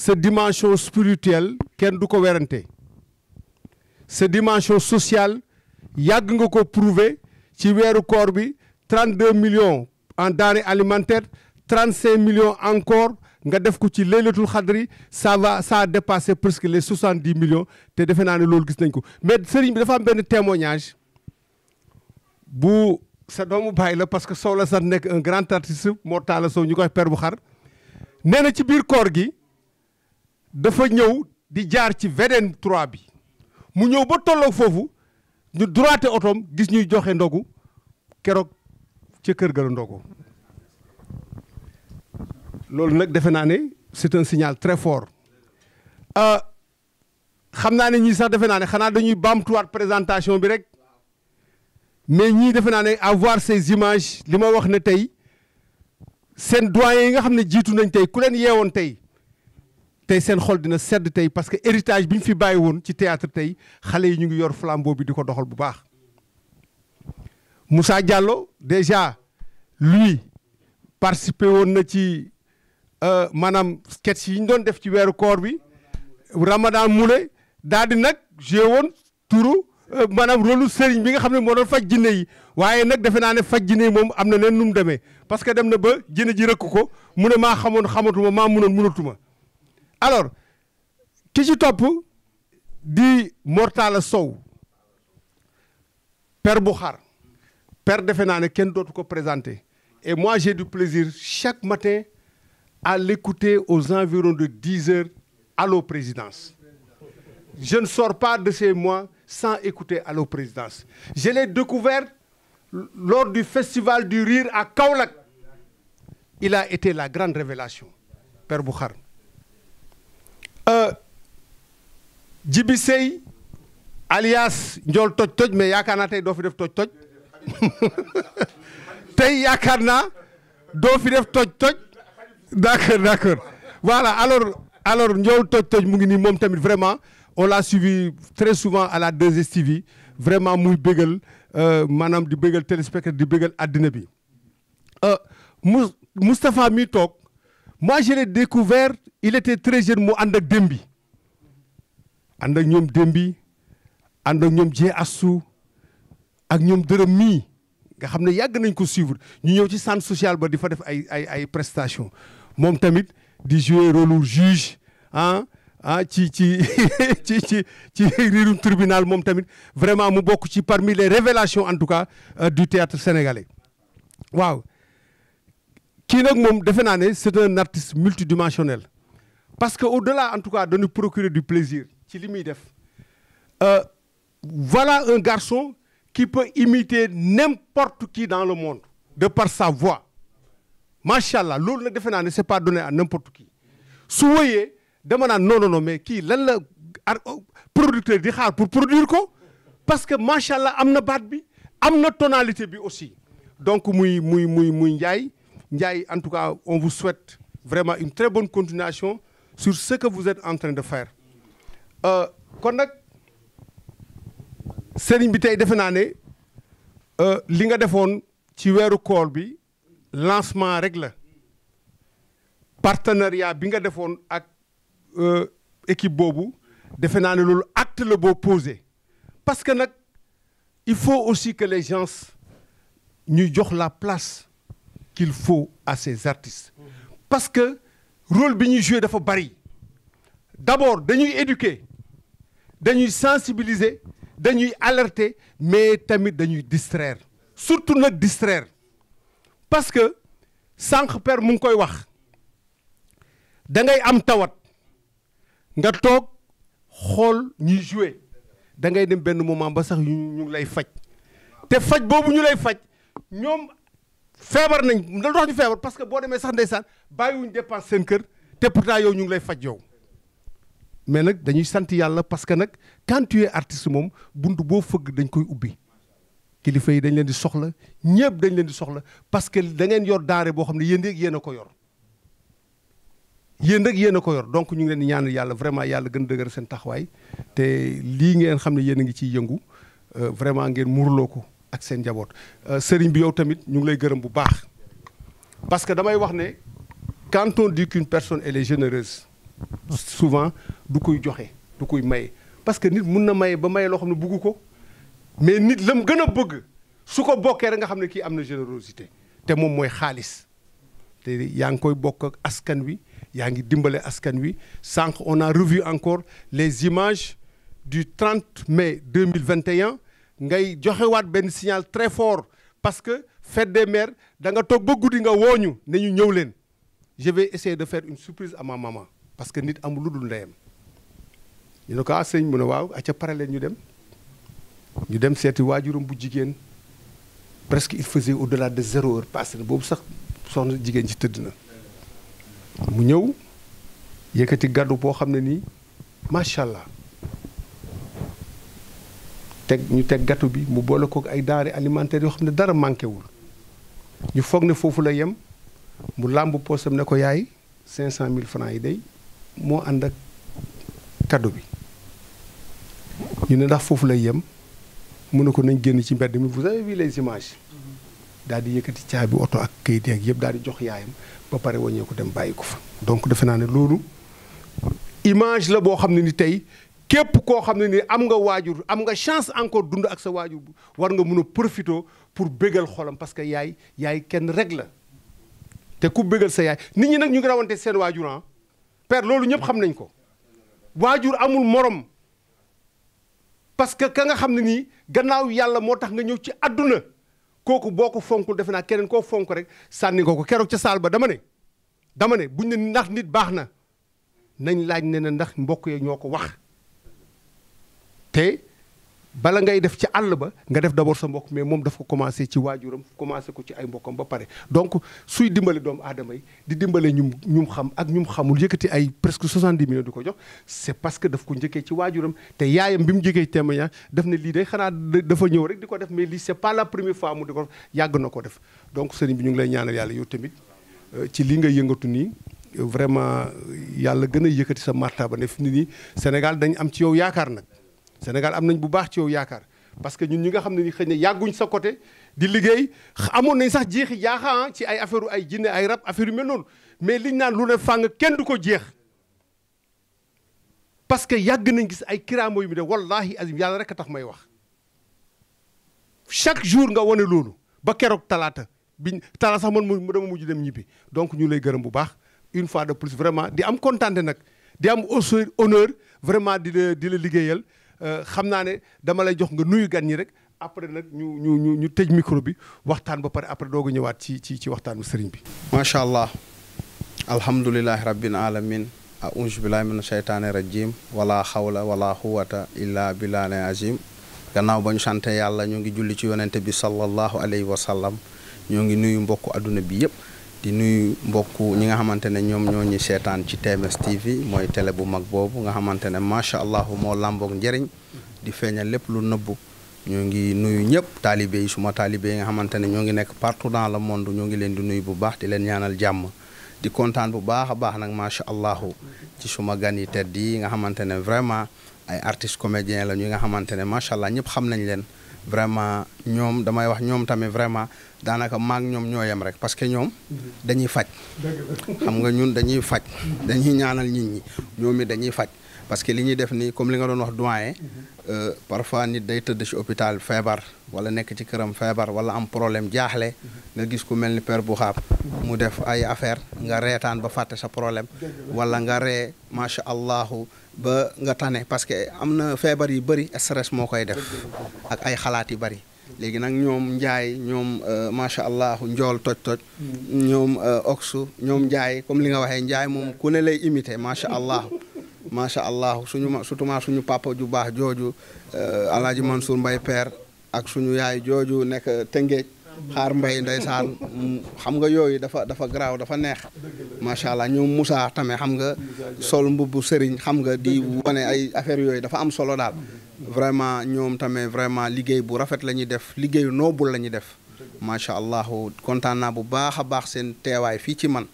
[SPEAKER 1] sa dimension spirituelle kenn du ko werante sa dimension sociale yàgg nga ko prouver ci weeru koor bi 32 millions en alimentaire trent 35 millions encore nga def ko ci laylatul xadri saa va ça a dépassé presque les 70 millions te defe naa ne loolu gis nañ ko mais sëriñ bi dafa am benn témoignage sa doomu baay la parce que Sow la sant nekk un grand artiste Mor Talla ñu koy per bu xar nee na ci biir koor gi dafa ñëw di jaar ci VDN troit bi mu ñëw ba tolloog foofu ñu droité otoom gis ñuy joxe ndogu keroog ci kër ga ndogu loolu nag defe naa ne c'est un signal très fort euh, xam naa ne ñii sax defe naa ne xanaa dañuy baamtuwaat présentation bi rek mais ñii defe naa ne à voir ces images li ma wax ne tey seen doyen yi nga xam ne jiitu nañ tey ku leen yeewoon tey tey seen xol dina sedd tey parce que héritage bi ñu fi bàyyi woon ci théâtre tey xale yi ñu ngi yor flambeau bi di ko doxal bu baax Moussa Diallo déjà lui participé woon na ci euh, maanaam sketch yiñ doon def ci weeru koor bi Ramadan mule daal di nag joué woon turu maanaam rôlu sëriñ bi nga xam ne moo doon faj jinne yi waaye nag defe naa ne faj jinne yi moom am na neen nu mu demee parce que dem na ba jinne ji rëkk ko mu ne maa xamoon xamatuma maa munoon munatuma alors ti si topp di Mortala Sow per bu xar per defe naa ne kenn dootu ko présenté et moi j'ai du plaisir chaque matin à l'écouter aux environs de 10 heures Allô Présidence je ne sors pas de chez mois sans écouter Allo Présidence. Je l'ai découvert lors du Festival du riir Rire à Kaolack. Il a été la grande révélation, Père Boukhar. Euh, Djibi Sey alias Ndiol toj toj mais yaakaar naa tey doo fi def toj toj (laughs) tey yaakaar naa doo fi def toj toj d'accord d'accord voilà alors alors Ndiol toj toj mu ngi nii moom tamit vraiment on l'a suivi très souvent à la 2STV vraiment muy bégal euh, maanaam di bégal téléspectateur di bégal àddina bi euh, Mous Moustapha mi toog moi je l'ai découvert il était très jeune mu ànd ak Dembi ànd ak ñoom Dembi ànd ak ñoom Jee Assu ak ñoom dërëm mii nga xam ne yàgg nañ ko suivre ñu ñëw ci centre sociale ba di fa def ay ay ay prestations moom tamit di jouer rôle juge ah ah ci ci (laughs) ci ci ci riirum tribunal moom tamit vraiment mu bokk ci parmi les révélations en tout cas euh, du théâtre sénégalais waaw kii nag moom defe naa ne c'est un artiste dimensionnel parce que au-delà en tout cas de nous procurer du plaisir ci li muy def euh, voilà un garçon qui peut imiter n'importe qui dans le monde de par sa voix macha allah loolu nag defe naa ne c'est pas donné à n'importe qui su wëyee demanaan noonu non mais kii lan la ar producteur di xaar pour produire ko parce que macha allah am na baat bi am na tonalité bi aussi donc muy muy muy muy Ndiaye njaay en tout cas on vous souhaite vraiment une très bonne continuation sur ce que vous êtes en train de faire euh, kon nag sëriñ bi tey defe naa ne euh, li nga defoon ci weeru koor bi lancement rek la partenariat bi nga defoon ak. Euh, équipe boobu defe naa ne loolu acte la boo posé parce que nag il faut aussi que les gens ñuy jox la place qu'il faut à ces artistes parce que rôle bi ñuy joué dafa bari d'abord dañuy éduquer dañuy sensibiliser dañuy alerter mais tamit dañuy distraire surtout nag distraire parce que sànq père mu ngi koy wax da ngay am tawat nga toog xool ñuy joué da ngay dem benn moment ba sax ñu ngi lay faj te faj boobu ñu lay faj ñoom feebar nañ da dox ñu feebar parce que boo demee sax ndeysaan bàyyiwuñ dépense seen kër te pourtant yow ñu ngi lay faj yow mais nag dañuy sant yàlla parce que nag quand tu moom bunt boo fëgg dañ koy ubbi kilifa yi dañ leen di soxla ñëpp dañ leen di soxla parce que da yor daare boo xam ne yéen yéen a ko yor yéen rek yéen a ko yor donc ñu ngi leen di ñaanal yàlla vraiment yàlla gën dëgër seen taxawaay te lii ngeen xam ne yéen a ngi ciy yëngu euh, vraiment ngeen muruloo ko ak seen njaboot euh, sëriñ bi yow tamit ñu ngi lay gërëm bu baax parce que damay wax ne quand on dit qu'une personne elle est généreuse souvent du koy joxe du koy maye parce que nit mun na maye ba maye loo xam ne bugg ko mais nit la mu gën a bëgg su ko bokkee rek nga xam ne kii am na générosité te moom mooy xaalis te yaa ngi koy bokk ak askan wi yaa ngi dimbale askan wi sànq on a revu encore les images du 30 mai 2021 ngay joxewaat benn signal très fort parce que fête des mères da nga toog ba guddi nga woo ñu ne ñu ñëw leen je vais essayer de faire une surprise à ma maman parce que nit amul lu dul ndeyam ñu ne ko ah sëñ mu ne waaw acca pare leen ñu dem ñu dem seeti waajuram bu jigéen presque il faisait au-delà de zéro heure passé na boobu sax soxna jigéen ci tëdd na mu ñëw yëkkati gàddu boo xam ne nii macha allah teg ñu teg gàttu bi mu boole kook ay denrées alimentaires yoo xam ne dara manqué wul ñu foog ne foofu lay yem mu làmb poosam ne ko yaay cinq cent mille francs yi day moo ànd ak kàddu bi ñu ne ndax foofu lay yem mu ne ko nañ génn ci mbedd mi vous avez vu les images daal di yëkkati caabi oto ak kayit yeeg yëpp daal di jox yaayam ba pare waññee ko dem bàyyi ko fa. donc defe naa ne loolu image la boo xam ne ni tey képp koo xam ne ni am nga waajur am nga chance encore dund ak sa waajur war nga mun a profité pour bégal xolam parce que yaay yaay kenn rek la te ku bégal sa yaay nit ñi nag ñu ngi rawante seen waajur ah. per loolu ñëpp xam nañ ko waajur amul morom. parce que ka nga xam ne nii gannaaw yàlla moo tax nga ñëw ci àdduna kooku boo ko fonkul defe naa keneen koo fonk rek sànni ko ko keroog ca saal ba dama ne dama ne buñ ne ndax nit baax na nañ laaj ne na ndax mbokk yi ñoo ko wax te bala ngay def ci àll ba nga def d'abord sa mbokk mais moom daf ko commencé ci waajuram commencé ko ci ay mbokkam ba pare donc suy dimbale doomu aadama yi di dimbale ñum ñum xam ak ñum xamul yëkkati ay presque 70 millions di ko jox c'est parce que daf ko njëkkee ci waajuram te yaayam bi mu njëkkee ci témoignage daf ne lii day xanaa dafa ñëw rek di ko def mais lii c'est pas la première fois mu di ko yàgg na ko def donc sëriñ bi ñu ngi lay ñaanal yàlla yow tamit euh, ci li nga yëngatu nii vraiment yàlla gën a yëkkati sa martaba ne fi ni Sénégal dañ am ci yow yaakaar nag Sénégal am nañ bu baax ci yow yaakaar parce que ñun ñi nga xam ne ni xëy na yàgguñ sa côté di liggéey amoon nañ sax jeexi jaaxa ah ci ay affaire ay jinne ay rab affaire yu mel noonu mais liñ naan lu ne fàng kenn du ko jeex parce que yàgg nañ gis ay kiraamo yu mu de wallahi azim yàlla rek a tax may wax chaque jour nga wane loolu ba keroog talaata biñ talaata sax man mu dama mujj dem ñibbi donc ñu lay gërëm bu baax une fois de plus vraiment di am kontaan nag di am aussi honneur vraiment di la di la liggéeyal Euh, xam naa ne dama lay jox nga nuyu gan ñi rek après nag ñu ñu ñu ñu tëj micro bi waxtaan ba pare après doogu ñëwaat ci ci ci
[SPEAKER 9] waxtaanu sëriñ bi. macha allah alhamdulilahi rabbil alamin auzu billahi mina sheytaani rajim wala xawla wala xuwata illa billahi azim gannaaw ba ñu sante yàlla ñoo ngi julli ci yonente bi sallallahu alayhi wa sallam ñoo ngi nuyu mbokku adduna bi yëpp. di nuyu mbokk ñi nga xamante ne ñoom ñoo ñu seetaan ci TMS TV mooy tele bu mag boobu nga xamante ne macha allah moo làmboog njëriñ di feeñal lépp lu nëbbu ñoo ngi nuyu ñëpp taalibe yi suma taalibe nga xamante ne ñoo ngi nekk partour dans le monde ñoo ngi leen di nuyu bu baax di leen ñaanal jàmm di kontaan bu baax a baax nag macha allah ci suma gan yi tedd yi nga xamante ne vraiment ay artistes comédiens la ñu nga xamante ne macha allah ñëpp xam nañ leen. vraiment ñoom damay wax ñoom tamit vraiment daanaka maag ñoom ñoo yem rek parce que ñoom dañuy faj xam nga ñun dañuy faj dañuy ñaanal nit ñi ñoom it dañuy faj parce que li ñuy def nii comme li nga doon wax doyen euh, parfois nit day tëdd ci hôpital feebar wala nekk ci këram feebar wala am problème jaaxle nga gis ku mel ni père bu xaab mu def ay affaire nga reetaan ba fàtte sa problème wala nga ree macha allahu ba nga tane parce que am na feebar yu bëri stress moo koy def ak ay xalaat yu bëri léegi nag ñoom njaay ñoom euh, macha allah njool toj toj ñoom euh, oxu ñoom njaay comme li nga waxee njaay moom ku ne lay imité macha allah macha allah suñu ma surtout suñu papa ju baax jooju euh, alaaji Mansour mbay père ak suñu yaay jooju nekk Tëngéej xaar mbay ndeysaan xam nga yooyu dafa dafa garaaw dafa neex macha allah ñoom Moussa tamit xam nga sol mbubbu sëriñ xam nga di wane ay affaire yooyu dafa am solo daal vraiment ñoom tamit vraiment liggéey bu rafet la ñuy def liggéeyu noobul la ñuy def macha allah kontaan naa bu baax a baax seen teewaay fii ci man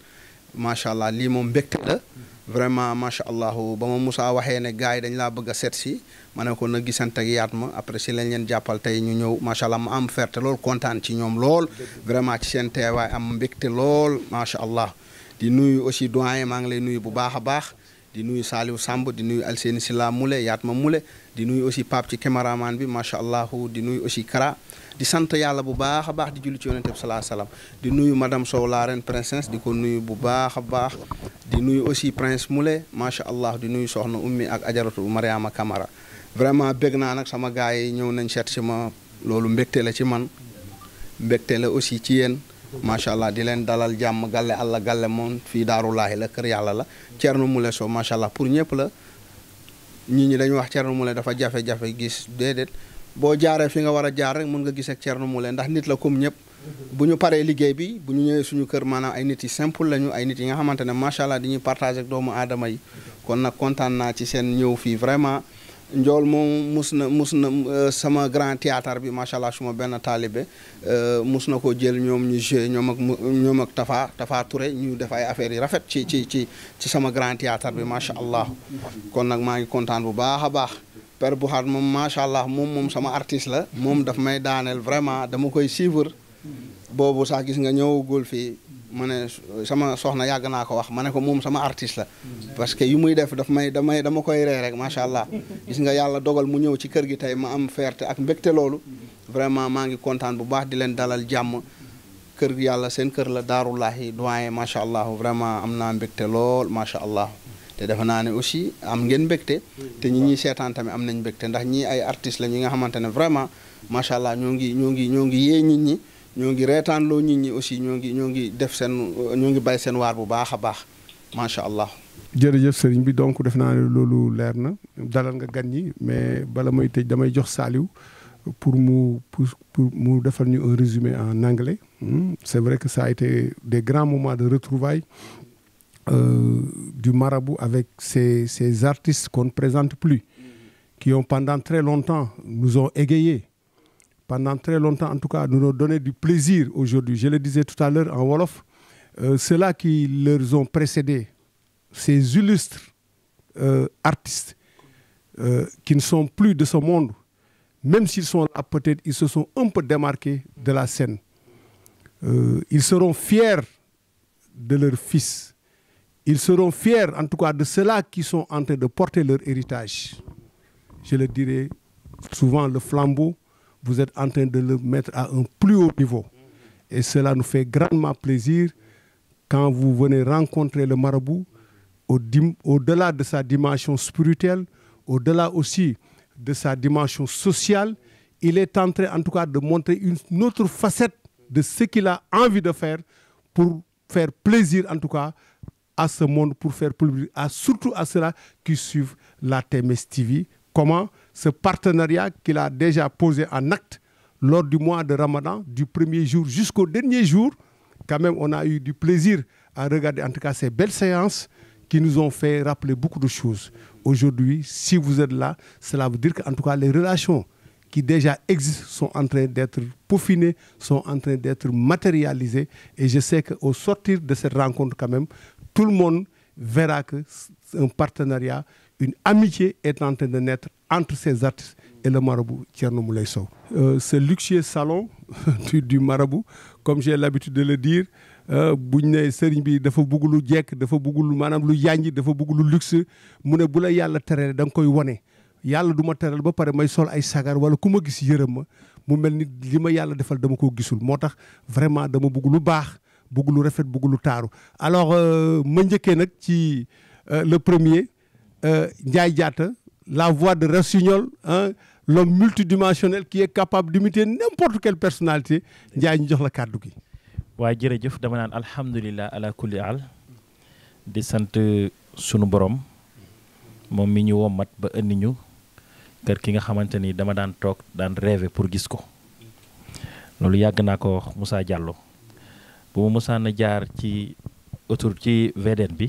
[SPEAKER 9] macha allah lii moom mbégte la vraiment macha allah ba ma Moussa waxee ne gars yi dañ laa bëgg a seet si ma ne ko na gisante ak yaat ma après si lañ leen jàppal tey ñu ñëw macha allah ma am ferte lool kontaan ci ñoom lool vraiment ci seen teewaay am mbégte lool macha allah di nuyu aussi doyen maa ngi lay nuyu bu baax a baax di nuyu Saliou Samb di nuyu si Sila Moule yaat ma Moule di nuyu aussi Pape ci maan bi macha allah di nuyu aussi Kara di sant yàlla bu baax a baax di julli ci yonente bi salaa salaam di nuyu madame Sow la reine princesse di ko nuyu bu baax a baax di nuyu aussi prince Moulé macha allah di nuyu soxna ummi ak ajaratu Mariama kamara vraiment bég naa nag sama gars yi ñëw nañ seet si ma loolu mbégte la ci man mbégte la aussi ci yéen macha allah di leen dalal jàmm galle àlla galle moom fii daaru laahi la kër yàlla la Thierno Moulé Sow macha allah pour ñëpp la ñit ñi dañu wax Thierno Moulé dafa jafe-jafe gis déedéet boo jaaree fi nga war a jaar rek mun nga gisee ak mu Moule ndax nit la comme ñëpp bu ñu paree liggéey bi bu ñu ñëwee suñu kër maanaam ay nit yi simple lañu ay nit yi nga xamante ne macha allah di ñuy partager doomu aadama yi kon nag kontaan naa ci seen ñëw fii vraiment njool moom mus na mus na euh, sama grand théâtre bi macha suma benn taalibe euh, mus na ko jël ñoom ñu joué ñoom ak ñoom ak Tafa Tafa Touré ñu def ay affaires yi rafet ci ci ci ci sama grand théâtre bi allah kon nag maa ngi kontaan bu baax a baax. Père Bouhane moom macha allah moom moom sama artiste la. moom daf may daaneel vraiment dama koy suivre. boobu sax gis nga ñëw ñëwagul fii ma ne sama soxna yàgg naa ko wax ma ne ko moom sama artiste la. parce que yu muy def daf may damay dama koy ree rek macha allah. gis nga yàlla dogal mu ñëw ci kër gi tey ma am fierté ak mbégte loolu. vraiment maa ngi kontaan bu baax di leen dalal jàmm. kër yàlla seen kër la daarullahi doyen macha allah vraiment am naa mbégte lool macha allah. te defe naa ne aussi am ngeen mbégte te ñi ñuy seetaan tamit am nañ mbégte ndax ñii ay artistes la ñi nga xamante ne vraiment macha allah ñoo ngi ñoo ngi ñoo ngi yee nit ñi ñoo ngi reetaanloo nit ñi aussi ñoo ngi ñoo ngi def seen ñoo ngi bay seen waar bu baax a baax macha allah.
[SPEAKER 1] jërëjëf sëriñ bi donc def naa ne loolu leer na dalal nga gan ñi mais bala may tëj damay jox saaliw pour mu pour mu defal ñu un résumé en anglais hmm. c'est vrai que ça a été des grands moments de retrouvailles euh, du marabout avec ces, ces artistes qu'on ne présente plus, qui ont pendant très longtemps nous ont égayés, pendant très longtemps en tout cas nous ont donné du plaisir aujourd'hui. Je le disais tout à l'heure en Wolof, euh, ceux-là qui leur ont précédés, ces illustres euh, artistes euh, qui ne sont plus de ce monde, même s'ils sont à peut-être, ils se sont un peu démarqués de la scène. Euh, ils seront fiers de leur fils Ils seront fiers, en tout cas, de ceux-là qui sont en train de porter leur héritage. Je le dirais souvent, le flambeau, vous êtes en train de le mettre à un plus haut niveau. Et cela nous fait grandement plaisir quand vous venez rencontrer le marabout, au-delà de sa dimension spirituelle, au-delà aussi de sa dimension sociale, il est en train en tout cas de montrer une autre facette de ce qu'il a envie de faire pour faire plaisir en tout cas à ce monde pour faire public, à, surtout à ceux-là qui suivent la TMS TV. Comment ce partenariat qu'il a déjà posé en acte lors du mois de Ramadan, du premier jour jusqu'au dernier jour, quand même, on a eu du plaisir à regarder en tout cas ces belles séances qui nous ont fait rappeler beaucoup de choses. Aujourd'hui, si vous êtes là, cela veut dire qu'en tout cas, les relations qui déjà existent sont en train d'être peaufinées, sont en train d'être matérialisées. Et je sais qu'au sortir de cette rencontre, quand tout le monde verra que partenariat, une amitié est en train de naître entre ces artistes et le marabout Thierno Moulay Sow. Euh, ce luxueux salon (laughs) du, du marabout, comme j'ai l'habitude de le dire, euh, bu ñu nee sëriñ bi dafa bugg lu jekk dafa bugg lu maanaam lu yànji dafa bugg lu luxe mu ne bu la yàlla teree da nga koy wone yàlla duma ma teral ba pare may sol ay sagar wala ku ma gis yërëm ma mu mel ni li ma yàlla defal dama koo gisul moo tax vraiment dama bugg lu baax bëgg lu rafet bëgg lu taaru alors euh, ma njëkkee nag ci euh, le premier euh, njaay jaata la voix de Rossignol lom l'homme multidimensionnel ki est capable d'imiter n'importe quelle personnalité Ndiaye ñu jox la kàddu gi.
[SPEAKER 2] waaye jërëjëf dama naan alhamdulilah ala kulli al di sant sunu borom moom mi ñu mat ba indi ñu ki nga xamante ni dama daan toog daan rêver pour gis ko loolu yàgg naa ko wax Moussa Diallo. bu ma mosaan a jaar ci autour ci VDN bi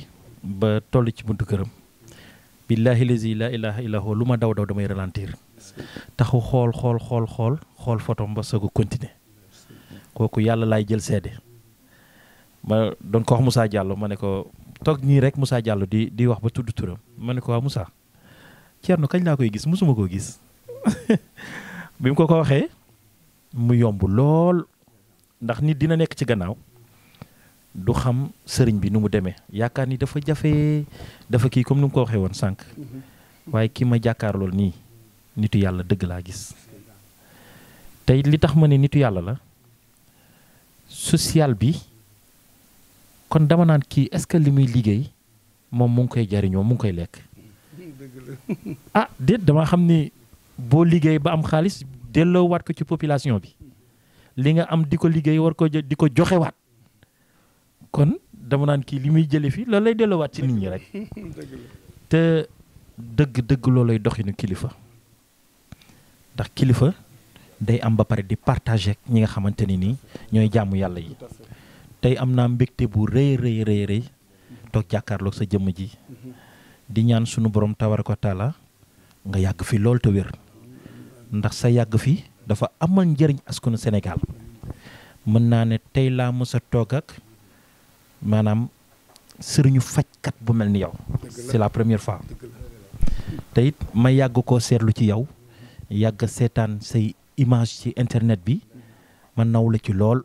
[SPEAKER 2] ba toll ci buntu këram billahi lazi la ilaha illa huwa lu ma daw daw damay ralentir taxu xool xool xool xool xool photom ba soog a continuer kooku yàlla laay jël seede ma doon ko wax Moussa Diallo ma ne ko toog nii rek musaa Diallo di di wax ba tudd turam ma ne ko waa Moussa Thierno kañ laa koy gis mosuma koo gis (laughs) bi mu ko ko waxee mu yomb lool ndax nit dina nekk ci gannaaw du xam sëriñ bi nu mu demee yaakaar ni dafa jafe dafa kii comme ni mu ko waxee woon sànq mhm. waaye kii ma jàkkaar lool nii nitu yàlla dëgg laa gis tey li tax ma ne nitu yàlla la social bi kon dama naan kii est-ce que li muy liggéey moom mu ngi koy jariñoo mu ngi koy lekk (laughs) ah déet dama xam ni boo liggéey ba am xaalis delloo waat ko ci population bi li nga am di ko liggéey war ko di ko joxewaat kon dama naan kii li muy jëlee fii loolu lay delluwaat ci nit ñi rek
[SPEAKER 4] (laughs)
[SPEAKER 2] te dëgg dëgg loolay doxinu kilifa ndax kilifa day am ba pare di partager ñi nga xamante ni nii ñooy jàmm yàlla yi tey am naa mbégte bu rëy rëy rëy rëy toog jàkkaarloog sa jëmm ji di ñaan sunu borom tabaraka nga yàgg fi lool te wér ndax sa yàgg fi dafa amal njëriñ askanu Sénégal mën naa ne tey laa mës a toog maanaam sëriñu fajkat bu mel ni yow ci la première fois te ma yàgg koo seetlu ci yow yàgg seetaan say image ci internet bi ma naw la ci lool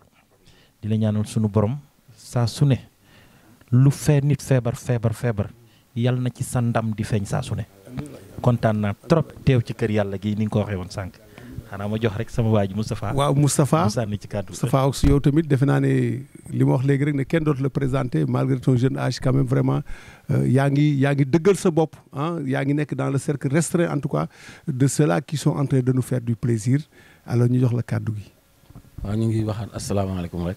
[SPEAKER 2] di ñaanal sunu borom saa su ne lu fee nit feebar feebar feebar yàlla na ci sa ndam di feeñ saa su ne kontaan naa trop teew ci kër yàlla gi ni nga ko waxee woon sànq xanaa ma jox rek sama waa ji Moustapha. waaw Moustapha sànni ci kàddu Moustapha
[SPEAKER 1] aussi yow tamit defe naa ne li ma wax léegi rek ne kenn dootu la présenté malgré ton jeune âge quand vraiment euh, yaa ngi yaa ngi dëggal sa bopp ah yaa ngi nekk dans le cercle restreint en tout cas de ceux-là qui sont en train de nous faire du plaisir alors ñu jox la kàddu gi.
[SPEAKER 4] waa ñu ngi waxaat asalaamaaleykum rek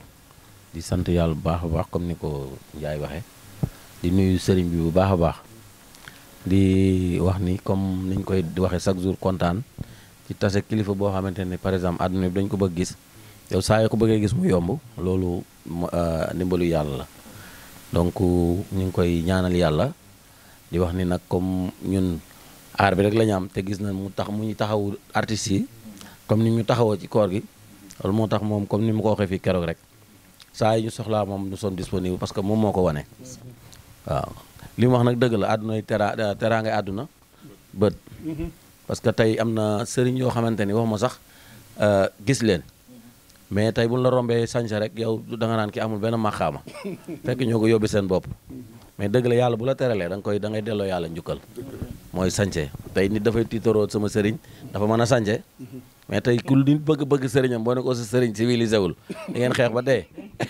[SPEAKER 4] di sant yàlla bu baax a baax comme ni ko Ndiaye waxee di nuyu sëriñ bi bu baax a baax di wax ni comme niñ koy waxee chaque jour kontaan. ci tase kilifa boo xamante ne par exemple àdduna bi dañ ko bëgg gis yow saa yoo ko bëggee gis mu yomb loolu euh, ndimbalu yàlla la donc ñu ngi koy ñaanal yàlla di wax ni nag comme ñun aar bi rek la am te gis na mu tax mu ñu taxawu artistes yi comme ni ñu taxawoo ci koor gi loolu moo tax moom comme ni mu ko waxee fii keroog rek saa yi ñu soxlaa moom nous sommes disponibles parce que moom moo ko wane waaw li mu wax nag dëgg la àdduna tera teraanga àdduna parce que tey am na sëriñ yoo xamante ni waxuma sax euh, gis leen mais tey bu la rombee sañse rek yow da nga naan ki amul benn maxaama fekk ñoo ko yóbbi seen bopp mais dëgg la yàlla bu la teralee da nga koy da ngay delloo yàlla njukkal mooy sañse tey nit dafay tiitaroo sama sëriñ dafa mën a sañse mais tey ku nit bëgg-bëgg sëriñam boo ne ko sa sëriñ civilisé wul da ngeen xeex ba dee (laughs)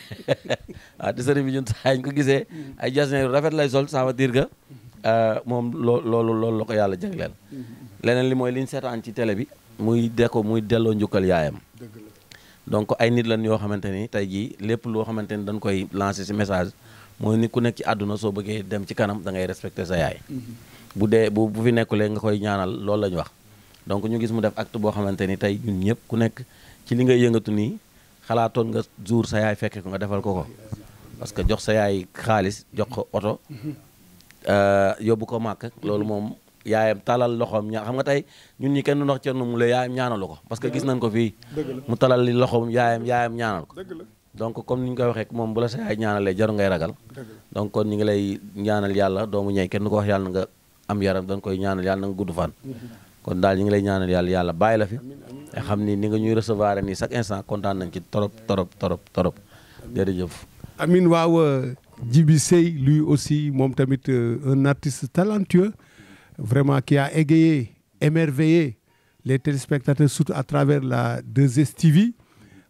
[SPEAKER 4] waaw te sëriñ bi ñun saa ko gisee ay jasneeru rafet lay sol ça veut dire que euh, moom loo loolu la ko yàlla jagleel leneen li mooy li seetaan ci télé bi muy deko muy delloo njukkal yaayam donc ay nit lan yoo xamante ni tey jii lépp loo xamante ni dañ koy lancer ci message mooy ni ku nekk ci àdduna soo bëggee dem ci kanam da ngay respecter sa yaay mhm. bu dee bu bu fi nekkulee nga koy ñaanal loolu la wax donc ñu gis mu def acte boo xamante ni tey ñëpp ku nekk ci li ngay yëngatu nii xalaatoon nga jour sa yaay fekke ko nga defal ko ko parce que jox sa yaay xaalis jox ko oto mhm. euh, yóbbu ko màkk loolu moom yaayam talal loxoom ñaan xam nga tey ñun ñi kenn ndox Thierno Moule yaayam ñaanalu ko parce que gis nañ ko fii mu talal li loxoom yaayam yaayam ñaanal ko donc comme ni ñu koy waxee moom bu la sa yaay ñaanalee jaru ngay ragal donc kon ñu ngi lay ñaanal yàlla doomu ñey kenn ko wax yàlla na nga am yaram dañ koy ñaanal yàlla na nga gudd fan kon daal ñu ngi lay ñaanal yàlla yàlla bàyyi la fi xam ni ni nga ñuy recevoir nii chaque instant kontaan nañ ci torop torop torop torop jërëjëf amin
[SPEAKER 1] waaw euh, Djibi Seye lui aussi moom tamit euh, un artiste vraiment ki a égayé, émerveillé les téléspectateurs, surtout à travers la deux stv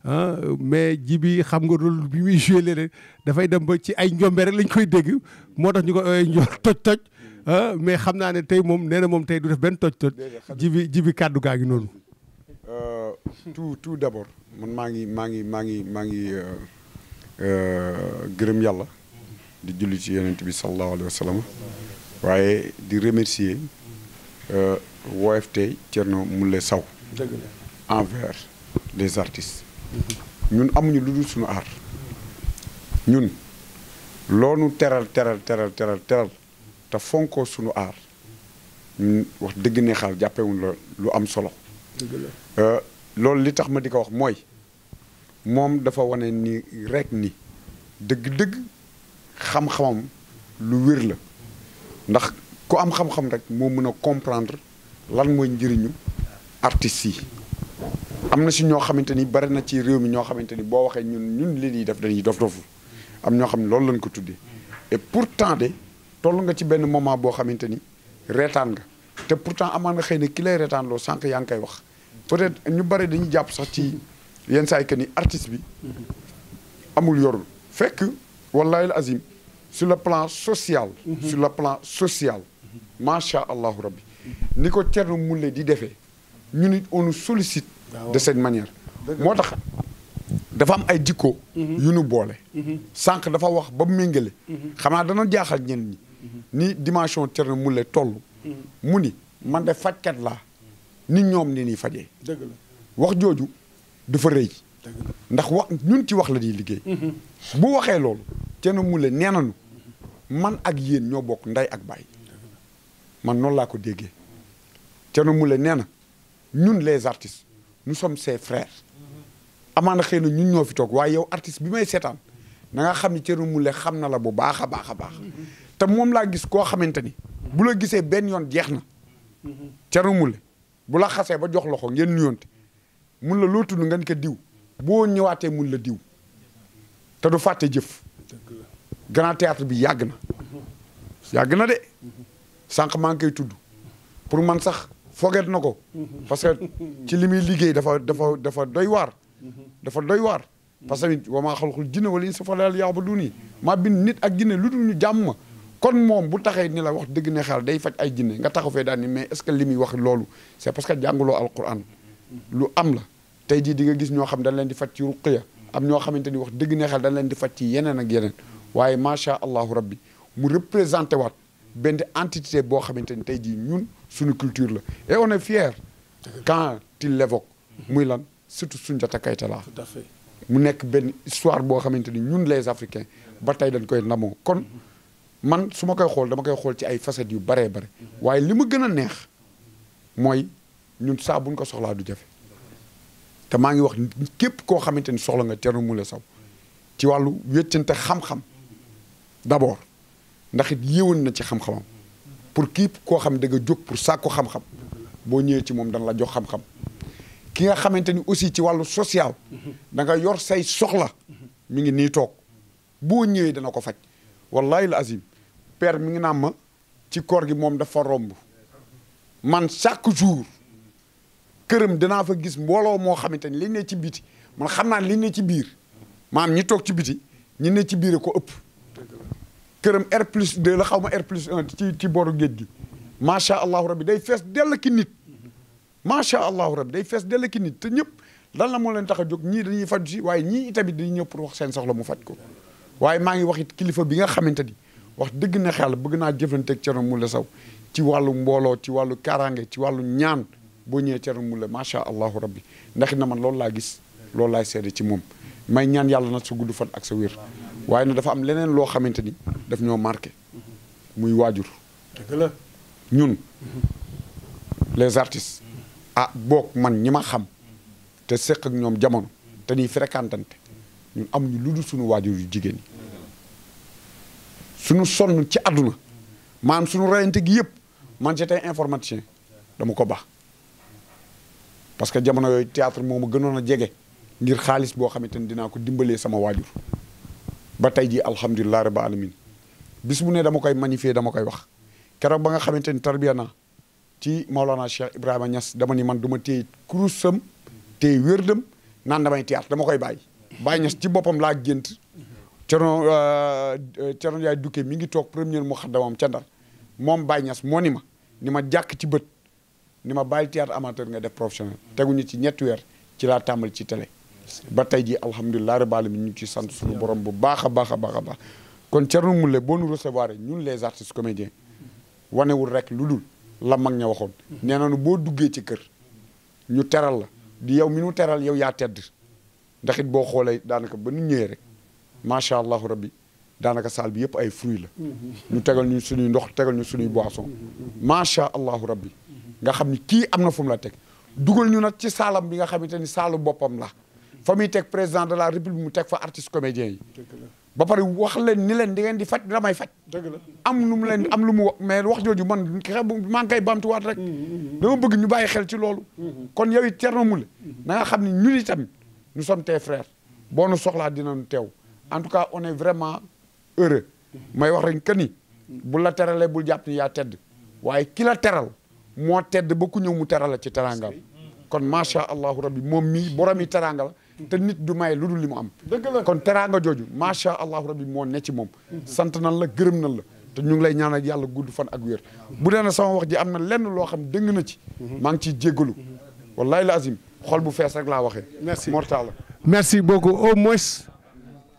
[SPEAKER 1] ah mais ji bi xam nga loolu bi muy joué leneen dafay dem ba ci ay njombe rek lañ koy dégg moo tax ñu ko eh, ay njom toj-toj ah mais xam naa ne tey moom nee moom tey du def benn toj-toj. ji bi ji bi kàddu gaa ngi noonu.
[SPEAKER 5] Euh, tout tout d'abord man maa ngi maa ngi maa ngi maa ngi euh, euh, gërëm yàlla di julli ci yonent bi sallallahu alayhi wa waaye di remercier WFT euh, Thierno Moule Sow envers les artistes ñun amuñu lu dul suñu art ñun loonu teral teral teral teral teral te fonkoo suñu aar ñun wax dëgg ne xaal jàppewuñ la lu am solo euh, loolu li tax ma di ko wax mooy moom dafa wane ni rek ni dëgg-dëgg xam-xamam lu wér la ndax ku am xam-xam rek moo mën a comprendre lan mooy njëriñu artistes yi am na si ñoo xamante ni bari na ci réew mi ñoo xamante ni boo waxee ñun ñun li ñuy def dañuy dof dofu am ñoo xam ne loolu lañ ko tuddee et pourtant de toll nga ci benn moment boo xamante ni reetaan nga te pourtant amaan nga xëy na ki lay reetaan loo sànq yaa ngi koy wax peut-être ñu bari dañuy jàpp sax ci yenn saa yi que ni artiste bi amul yorul fekk wallahi al azim sur le plan social mhm. sur le plan social allahu rabbi ni ko mu lee di defee ñu nit on nous sollicite ah de cette manière moo tax dafa am ay jikko mhm. yu nu boole mhm. sànq dafa wax ba mu méngale xanaa dana jaaxal ñenn ñi ni dimension Thierno Moule toll mu ni man de fajkat laa ni ñoom ni nii fajee dëgg la wax jooju dafa rëy ndax wax ñun ci wax la ñuy liggéey bu waxee loolu Thierno Moule nee nañu man ak yéen ñoo bokk nday ak baay man noonu laa ko déggee Thierno Moule nee na ñun les artistes nous sommes ses frères xëy na ñun ñoo fi toog waaye yow artiste bi may seetaan na nga xam ni Thierno Moule xam na la bu baax a baax a baax te moom laa gis koo xamante ni bu la gisee benn yoon jeex na Thierno Moule bu la xasee ba jox loxo ngeen nuyoonte mun la loo tudd nga ni ko diw boo ñëwaatee mun la diw te du fàtte jëf grand théâtre bi yàgg na yàgg na de sànq maa ngi koy tudd pour man sax fogeet na ko parce que ci li muy liggéey dafa dafa dafa doy waar dafa doy waar parce que wa maa xalaqul jinna wal insa illaa liya'buduun maa bind nit ak jinne lu dul ñu jàmm ma kon moom bu taxee ni la wax dëgg ne xel day faj ay jinne nga taxaw fee daan ni mais est-ce li muy wax loolu c'est parce que jàngaloo alquran lu am la tey jii di nga gis ñoo xam dañ leen di faj ci ruqiya am ñoo xamante ni wax dëgg ne xel dañ leen di faj ci yeneen ak yeneen waaye macha allahu rabbi mu représenté waat benn entité boo xamante ni tey jii ñun sunu culture la et on est fier quand il l'évoque muy lan surtout Soundiata Keita la mu nekk benn histoire boo xamante ni ñun les africains ba tey dañ koy namoo kon man su ma koy xool dama koy xool ci ay facettes yu baree bare waaye li ma gën a neex mooy ñun saa buñ ko soxlaa du jafe te maa ngi wax képp koo xamante ni soxla nga Thierno Moule Sow ci wàllu wéccante xam-xam d'abord ndax it yéwoon na ci xam-xamam pour kii koo xam da nga jóg pour sàkku xam-xam boo ñëwee ci moom dana la jox xam-xam ki nga xamante ni aussi ci wàllu social da nga yor say soxla mi ngi nii toog boo ñëwee dana ko faj wallahi la azim père mi ngi naan ma ci koor gi moom dafa romb man chaque jour këram danaa fa gis mbooloo moo xamante ni liñ ne ci biti man xam naa liñ ne ci biir maam ñi toog ci biti ñi ne ci biir ko ëpp këram R plus 2 la xaw ma R plus ci ci booru géej gi macha allahu rabbi day fees dell ki nit macha allahu rabbi day fees dell ki nit te ñëpp lan la moo leen tax a jóg ñii dañuy faj si waaye ñii itamit dañuy ñëw pour wax seen soxla mu faj ko waaye maa ngi wax it kilifa bi nga xamante ni wax dëgg na xel bëgg naa jëflanteeg Thierno Moule saw ci wàllu mbooloo ci wàllu kaaraange ci wàllu ñaan boo ñëwee Thierno Moule macha allahu rabbi ndax na man loolu laa gis loolu laay seede ci moom may ñaan yàlla nag sa gudd fan ak sa wér waaye nag dafa am leneen loo xamante ni daf ñoo marqué muy waajur. la ñun les artistes ah boog man ñi ma xam te seq ak ñoom jamono te ñuy ñu am amuñu lu dul suñu waajur yu jigéen ñi suñu sonn ci àdduna maanaam suñu rayante gi yëpp man j'étais informaticien dama ko baax parce que jamono yooyu théâtre moomu gënoon a jege ngir xaalis boo xamante ni dinaa ko dimbalee sama waajur ba tey jii alhamdulilah rabbi alamin bis bu ne dama koy magnifier dama koy wax keroog ba nga xamante ni tarbiya na ci Maolana Cheikh Ibrahima ñas dama ni man du ma téye kurusam téye wérdam naan damay tiyaat dama koy bàyyi Baye Niass ci boppam laa gént Thierno euh, Thierno Yaay Dukke mi ngi toog premier mu xaddamam ca Ndar moom Baye Niass moo ni ma ni ma jàkk ci bët ni ma bàyyi théâtre amateur nga def professionnel teguñu ci ñetti weer ci laa tàmbali ci télé ba tey jii alhamdulilah rabbil mi ñu ci sant suñu borom bu baax baax a baax a baax kon mu Moule boo nu recevoir ñun les artistes comédiens wanewul rek lu dul la mag ña waxoon nee boo duggee ci kër ñu teral la di yow mi nu teral yow yaa tedd ndax it boo xoolee daanaka ba nu ñëwee rek macha allahu rabbi daanaka saal bi yëpp ay fruits la ñu tegal ñu suñuy ndox tegal ñu suñuy boisson macha allahu rabbi nga xam ni kii am na fu la teg dugal ñu nag ci saalam bi nga xamante ni saalu boppam la fa muy teg président de la république mu teg fa artiste comédien yi. ba pare wax leen ni leen di ngeen di faj damay faj. am lu mu leen am lu mu wax mais wax jooju man xew maa ngi koy bamtuwaat rek. Mm, mm, mm. dama bëgg ñu bàyyi xel ci loolu. kon yow it Thierno Moule mm-hmm. na nga xam ne ñun itam nous sommes tes frères. boo nu soxlaa dinañu teew. en tout cas on est vraiment heureux. Mm-hmm. may wax rek que ni. Mm-hmm. bu la teralee bul jàpp ni yaa tedd. waaye kila teral. moo tedd ba ku ñëw mu teral la ci teraangal. kon macha allahu rabbi moom mii te nit du may lu dul li mu am. dëgg la kon teraanga jooju macha allah rabbi moo ne ci moom. sant nan la gërëm nan la. te ñu ngi lay ñaanal yàlla gudd fan ak wér. bu dee na sama wax ji am na lenn loo xam dëng na ci. maa ngi ciy jéggalu. wallahi lazim xol bu fees rek laa waxee. merci Mortalla
[SPEAKER 1] merci beaucoup au mois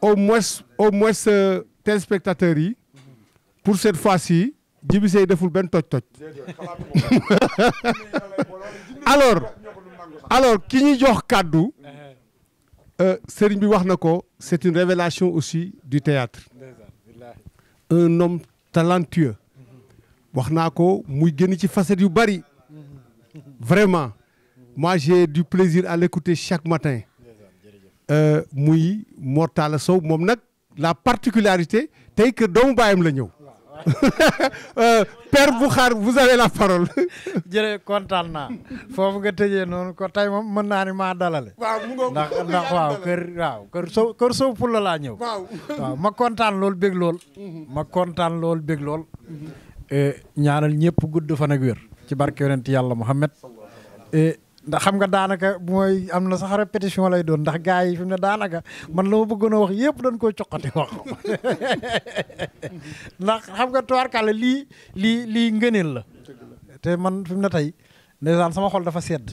[SPEAKER 1] au moins au moins euh, téléspectateurs yi pour cette fois-ci Djiby deful benn toj-toj. (laughs) alors alors ki ñu jox kàddu. Eh. Euh, sëriñ bi wax na ko c'est une révélation aussi du théâtre un nom talentueux wax naa ko muy génn ci facette yu bari vraiment moi j'ai du plaisir à l'écouter chaque matin euh, muy Mor Sow moom nag la particularité tey que doomu baayam la ñëw Euh, père Boukhar vous avez la
[SPEAKER 3] parole. (laughs) jërëjëf kontaan naa foofu nga tëjee noonu ko tey moom mën naa ni maa dalale. ndax ndax waaw kër waaw kër sow kër sow Pula laa ñëw. waaw ma kontaan lool bég lool. Mhm. ma kontaan lool bég lool. Mhm. Eh, ñaanal ñëpp gudd fa ak wér. ci barke ti yàlla Muhammad. Eh, ndax xam nga daanaka mooy am na sax répétition lay doon ndax gars yi fi ne daanaka man la ma bëggoon a wax yëpp dañ koo coqati wax (laughs) ndax xam nga tubaarkàlla lii lii lii ngëneel la te man fi mu ne tey ndeysaan sama xol dafa sedd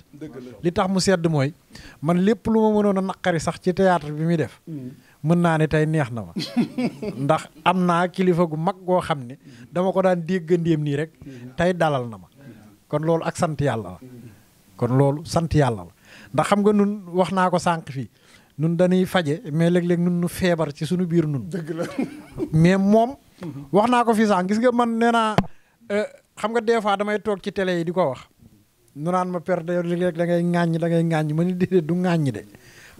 [SPEAKER 3] li tax mu sedd mooy man lépp lu ma mënoon a naqari sax ci théâtre bi muy def mm. mën naa ne tey neex na ma (laughs) ndax am naa kilifa gu mag goo xam ne dama ko daan déggandéem nii rek mm. tey dalal na ma mm. kon loolu ak sant yàlla la kon loolu sant yàlla la ndax xam nga nun wax naa ko sànq fii nun dañuy faje mais léeg-léeg nun nu feebar ci suñu biir nun dëgg la (laughs) mais moom wax naa ko fi sànq gis nga man nee naa euh, xam nga des fois damay toog ci tele yi di ko wax nu naan ma perte léeg-léeg da ngay ŋàññi da ngay ŋàññi ma ni déedéet du ŋàññi de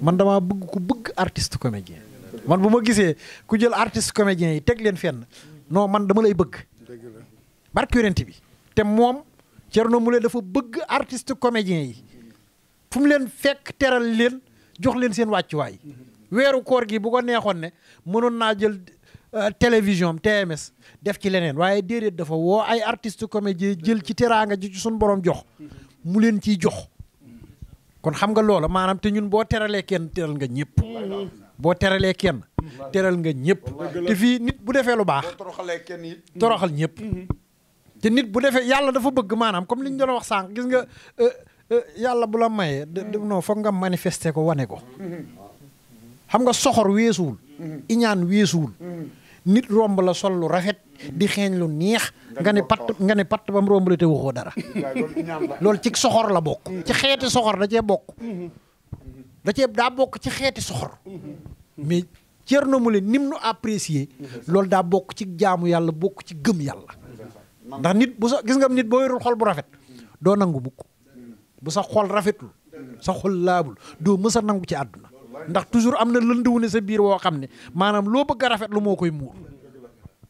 [SPEAKER 3] man damaa bëgg ku bëgg artiste comédien man bu ma gisee ku jël artiste comédien yi teg leen fenn non man dama lay bëgg barki bi te moom mu Moule dafa bëgg artiste comédien yi fu leen fekk teral leen jox leen seen wàccuwaay weeru koor gi bu ko neexoon ne mënoon naa jël euh, télévision TMS def ci leneen waaye déedéet dafa woo ay artiste comédien jël ci teraanga ji ci suñu borom jox mu leen ciy jox kon xam nga loola maanaam te ñun boo teralee kenn teral nga ñëpp boo teralee kenn teral nga ñëpp te fii nit bu defee lu baax
[SPEAKER 5] toroxal
[SPEAKER 3] ñëpp mm-hmm. te nit bu defee yàlla dafa bëgg maanaam comme li ñu doon wax sànq gis nga euh, euh, yàlla bu la mayee non foog nga manifester ko wane ko xam nga soxor weesuwul iñaan weesuwul nit romb la sol lu rafet di xeeñ lu neex nga ne patt nga ne patt ba mu romb la te waxoo dara
[SPEAKER 5] (laughs) loolu
[SPEAKER 3] ci soxor la bokk mm-hmm. ci xeeti soxor da cee bokk mm-hmm. da cee daa bokk ci xeeti soxor mm-hmm. mais Thierno Moule nim nu apprécier loolu daa bokk ci jaamu yàlla bokk ci gëm yàlla ndax nit bu sa gis nga nit boo yorul xol bu rafet doo nangu mukk bu sa xol rafetul sa xol laabul doo mës a nangu ci àdduna ndax toujours am na lënd wu sa biir woo xam ne maanaam loo bëgg a rafet lu moo koy muur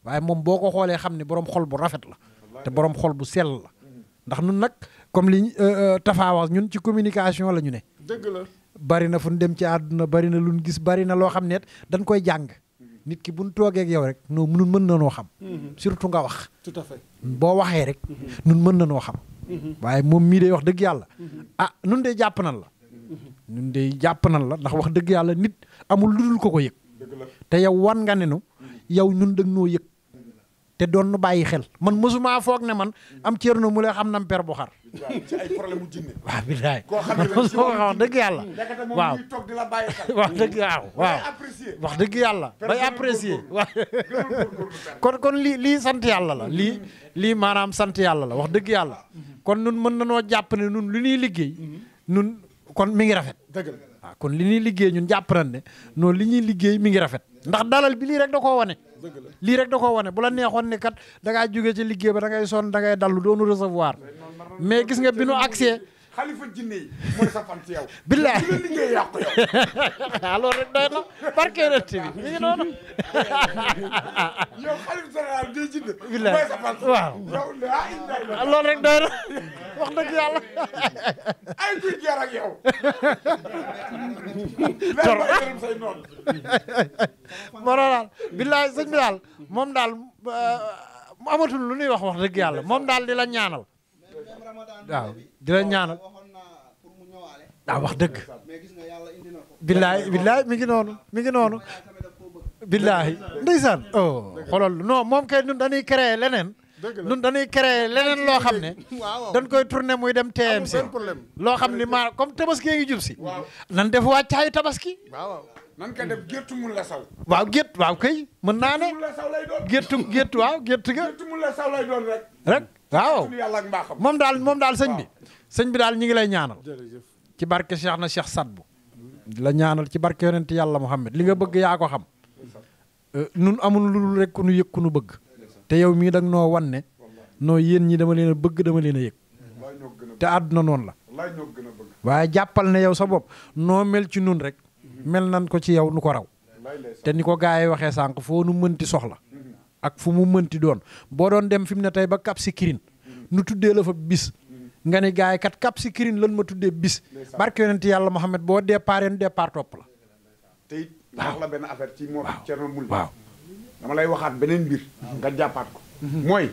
[SPEAKER 3] waaye moom boo ko xoolee xam ne boroom xol bu rafet la te boroom xol bu sel la ndax nun nag comme li euh, euh, tafaawax ñun ci communication la ñu ne. dëgg la bari na fu ñu dem ci àdduna bari na lu ñu gis bari na loo xam ne dañ koy jàng. nit ki bu nu toogee yow rek non nun mën na noo xam. Mm-hmm. surtout nga wax. tout boo waxee rek. Mm-hmm. nun mën na noo xam. Mm-hmm. waaye moom mii day wax dëgg yàlla. ah nun de jàpp nan la. nun de jàpp nan la ndax wax dëgg yàlla nit amul lu dul ko ko yëg. te yow wan nga ne nu yow ñun dañ noo yëg. te doon nu bàyyi xel man mosuma foog ne man am Thierno Moule xam nam per bu xar.
[SPEAKER 5] ci ay mu jinne.
[SPEAKER 3] waaw bilaay man (laughs) mosuma ko wax dëgg yàlla. waaw toog la bàyyi wax dëgg waaw wax dëgg yàlla. bay apprécier waaw. (laughs) kon kon lii lii sant yàlla la lii lii maanaam sant yàlla la wax dëgg yàlla. kon nun mën na noo jàpp ne nun li ñuy liggéey. nun kon mi ngi rafet. dëgg kon li ñuy liggéey ñun jàpp nañ ne noonu li ñuy liggéey mi ngi rafet. ndax dalal bi lii rek da koo wane. lii rek da koo wane bu la neexoon kat da jóge ci liggéey ba da sonn da ngay doonu recevoir mais gis nga bi accès
[SPEAKER 5] xalifa jinne yi mooy sa
[SPEAKER 3] (laughs) doy na barke Yonent bi mi ngi noonu.
[SPEAKER 5] yow xalifa général doy
[SPEAKER 3] na wax dëgg yàlla. ay (laughs) moom daal mu euh, amatul lu ñuy wax wax dëgg yàlla moom daal di la ñaanal. waaw di la ñaanal daa wax dëgg billaay billaay mi ngi noonu mi ngi noonu billaay ndeysaan oh xoolal non moom kay ñun dañuy créer leneen nun dañuy créer leneen loo xam ne dañ koy tourner muy dem TMC loo xam ne maa comme tabaski ngi jub si nan def wàccaayu tabaski nan ka def gerte mun la saw. waaw gerte waaw kay mën naa ne. la saw lay doon gerte gerte waaw gerte ga. gerte mun la saw lay doon rek. rek.
[SPEAKER 5] waaw
[SPEAKER 3] moom daal moom daal sëñ bi sëñ bi daal ñi ngi lay ñaanal ci barke Cheikh na Cheikh Sadbu di la ñaanal ci barke yonent yàlla Muhammad li nga bëgg yaa ko xam euh, nun amul lu dul rek ku nu yëg nu bëgg te yow mii dang noo wan ne noo yéen ñi dama leen a bëgg dama leen a yëg
[SPEAKER 5] te àdduna noonu la
[SPEAKER 3] waaye jàppal na yow sa bopp noo mel ci nun rek mhm. mel nan ko ci yow nu ko raw te ni ko gaa yi waxee sànq foo nu mënti soxla ak fu mu mënti doon boo doon dem fi mu ne tey ba Cap Skirring nu tuddee la fa bis nga ne gars yi kat Cap Skirring lan ma tuddee bis barke yonent yàlla Mohamed boo départ en départ topp la
[SPEAKER 5] tey it la benn affaire ci moo Cerno Mulli waaw dama lay waxaat beneen mbir nga jàppaat ko mhm. mooy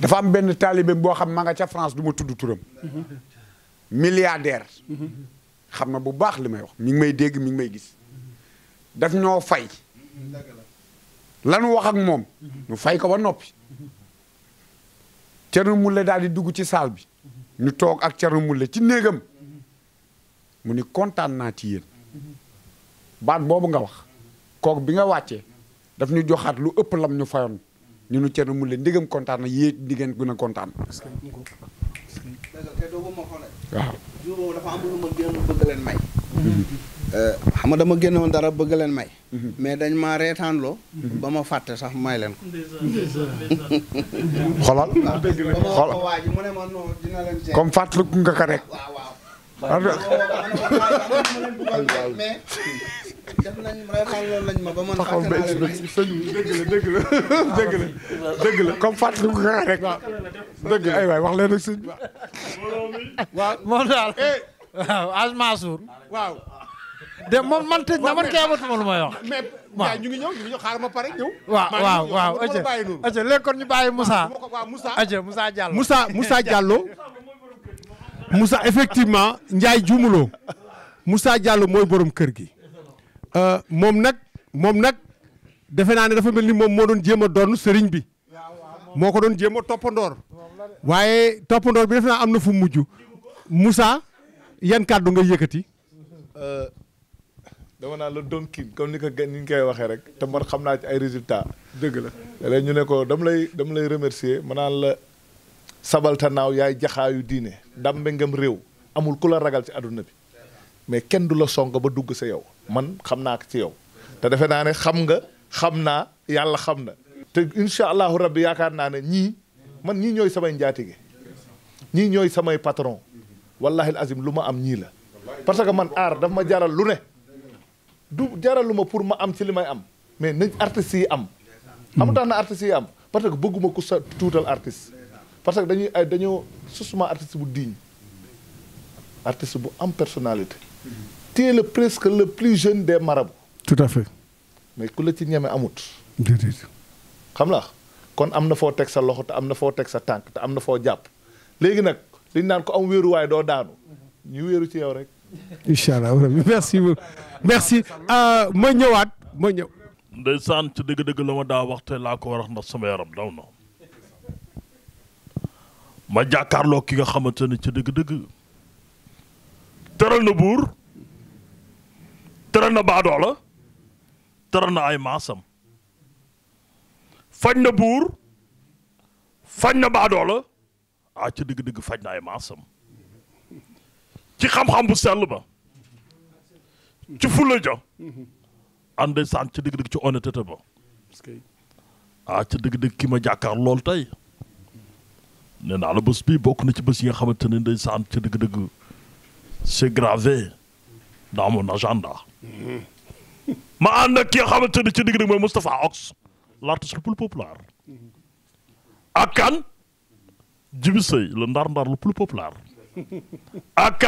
[SPEAKER 5] dafa am benn taalibe boo xam ma nga ca France du ma tudd turam mhm. milliardaire mhm. xam na bu baax li may wax mi ngi may dégg mi ngi may gis daf ñoo fay lan wax ak moom ñu fay ko ba noppi Thierno Moule daal di dugg ci saal bi ñu toog ak Thierno Moule ci néegam mu ni kontaan naa ci yéen baat boobu nga wax kook bi nga wàccee daf ñu joxaat lu ëpp lam ñu fayoon ñu nu Thierno Moule ndégam kontaan na yéen di gën a kontaan.
[SPEAKER 9] waaw. dafa Euh, xam nga dama woon dara bëgg leen may. mais dañ maa reetaanloo. Mhm. ba ma fàtte sax may leen ko. (laughs) xolal xolal mu ne ma non dina leen seet. comme fàttaliku nga ko rek. waaw waaw. Ah, mais def nañ vraiment loolu lañ ma ba man. fàtte naa leen
[SPEAKER 5] (laughs) dëgg la comme fàttaliku nga rek. ay
[SPEAKER 3] waay wax leen ak sëñ. waaw moom daal. Eh. waaw Asma Sour de moom man tëj na man kay amatuma lu may wax. waaw
[SPEAKER 1] mais ñu ngi ñëw ñu ngi ñëw xaaral
[SPEAKER 3] ma pare waaw waaw waaw aja aja léegi ñu bàyyi Moussa. Ah, waaw Moussa aja Moussa Diallo.
[SPEAKER 1] Moussa Moussa Diallo. effectivement Ndiaye juumuloo Moussa Diallo mooy boroom kër gi. Euh, moom nag moom nag defe naa ne dafa mel ni moom moo doon jéem a doon sëriñ bi. moo ko doon jéem a toppandoor. waaye toppandoor bi defe naa am na fu mujj. Moussa yan kàddu nga yëkkati.
[SPEAKER 7] Euh, dama naan la doon kiin comme ni ko gan ni ñu koy waxee rek te man xam naa ci ay résultats. dégg la léegi ñu ne ko dama lay dama lay remercier ma naan la sabaltanaaw yaay jaxaayu diine dambe ngam réew amul ku la ragal ci àdduna bi mais kenn du la song ba dugg sa yow man xam naa ko ci yow te defe naa ne xam nga xam naa yàlla xam na te incha allahu rabbi yaakaar naa ne ñii man ñii ñooy samay njaatige ñii ñooy samay patron wallahi azim lu ma am ñii la parce que man aar daf ma jaral lu ne du jaraluma pour ma am ci li may am mais nañ artistes yi am. xam tax na artistes yi am parce que bëgguma ku sa tuutal artiste. parce que dañuy ay dañoo susuma artiste bu digne artiste bu am personnalité. te le presque le plus jeune des marab
[SPEAKER 1] tout
[SPEAKER 4] à fait.
[SPEAKER 7] mais ku la ci ñeme amut. déedéet. xam la kon am na foo teg sa loxo te am na foo teg sa tànk te am na foo jàpp léegi nag liñ naan ko am wéeruwaay doo daanu ñu wéeru ci yow rek.
[SPEAKER 1] incha allah merci beaucoup. merci euh, ma ñëwaat
[SPEAKER 10] ma ñëw. ndeysaan ci dëgg-dëgg la ma daa waxte laa ko war ndax sama yaram daw na. ma jàkkaarloo ki nga xamante ca ci dëgg-dëgg. na buur. tëral na baadoola. tëral na ay maasam. faj na buur. faj na baadoola. ah ci dëgg-dëgg faj na ay maasam. ci xam-xam bu sell ba. ci fulla ja ànd saan ci dëgg-dëgg ci honnêteté ba ah ci dëgg-dëgg ki ma jàkkaar lool tey nee naa la bés bii bokk na ci bés yi nga xamante ne ndeysaan ci dëgg dégg c'est gravé dans mon agenda ma ànd ak ki nga xamante ne ci dëgg-dëgg mooy Moustapha Ox l'artiste le plus populaire ak kan le ndar-ndar le plus populaire ak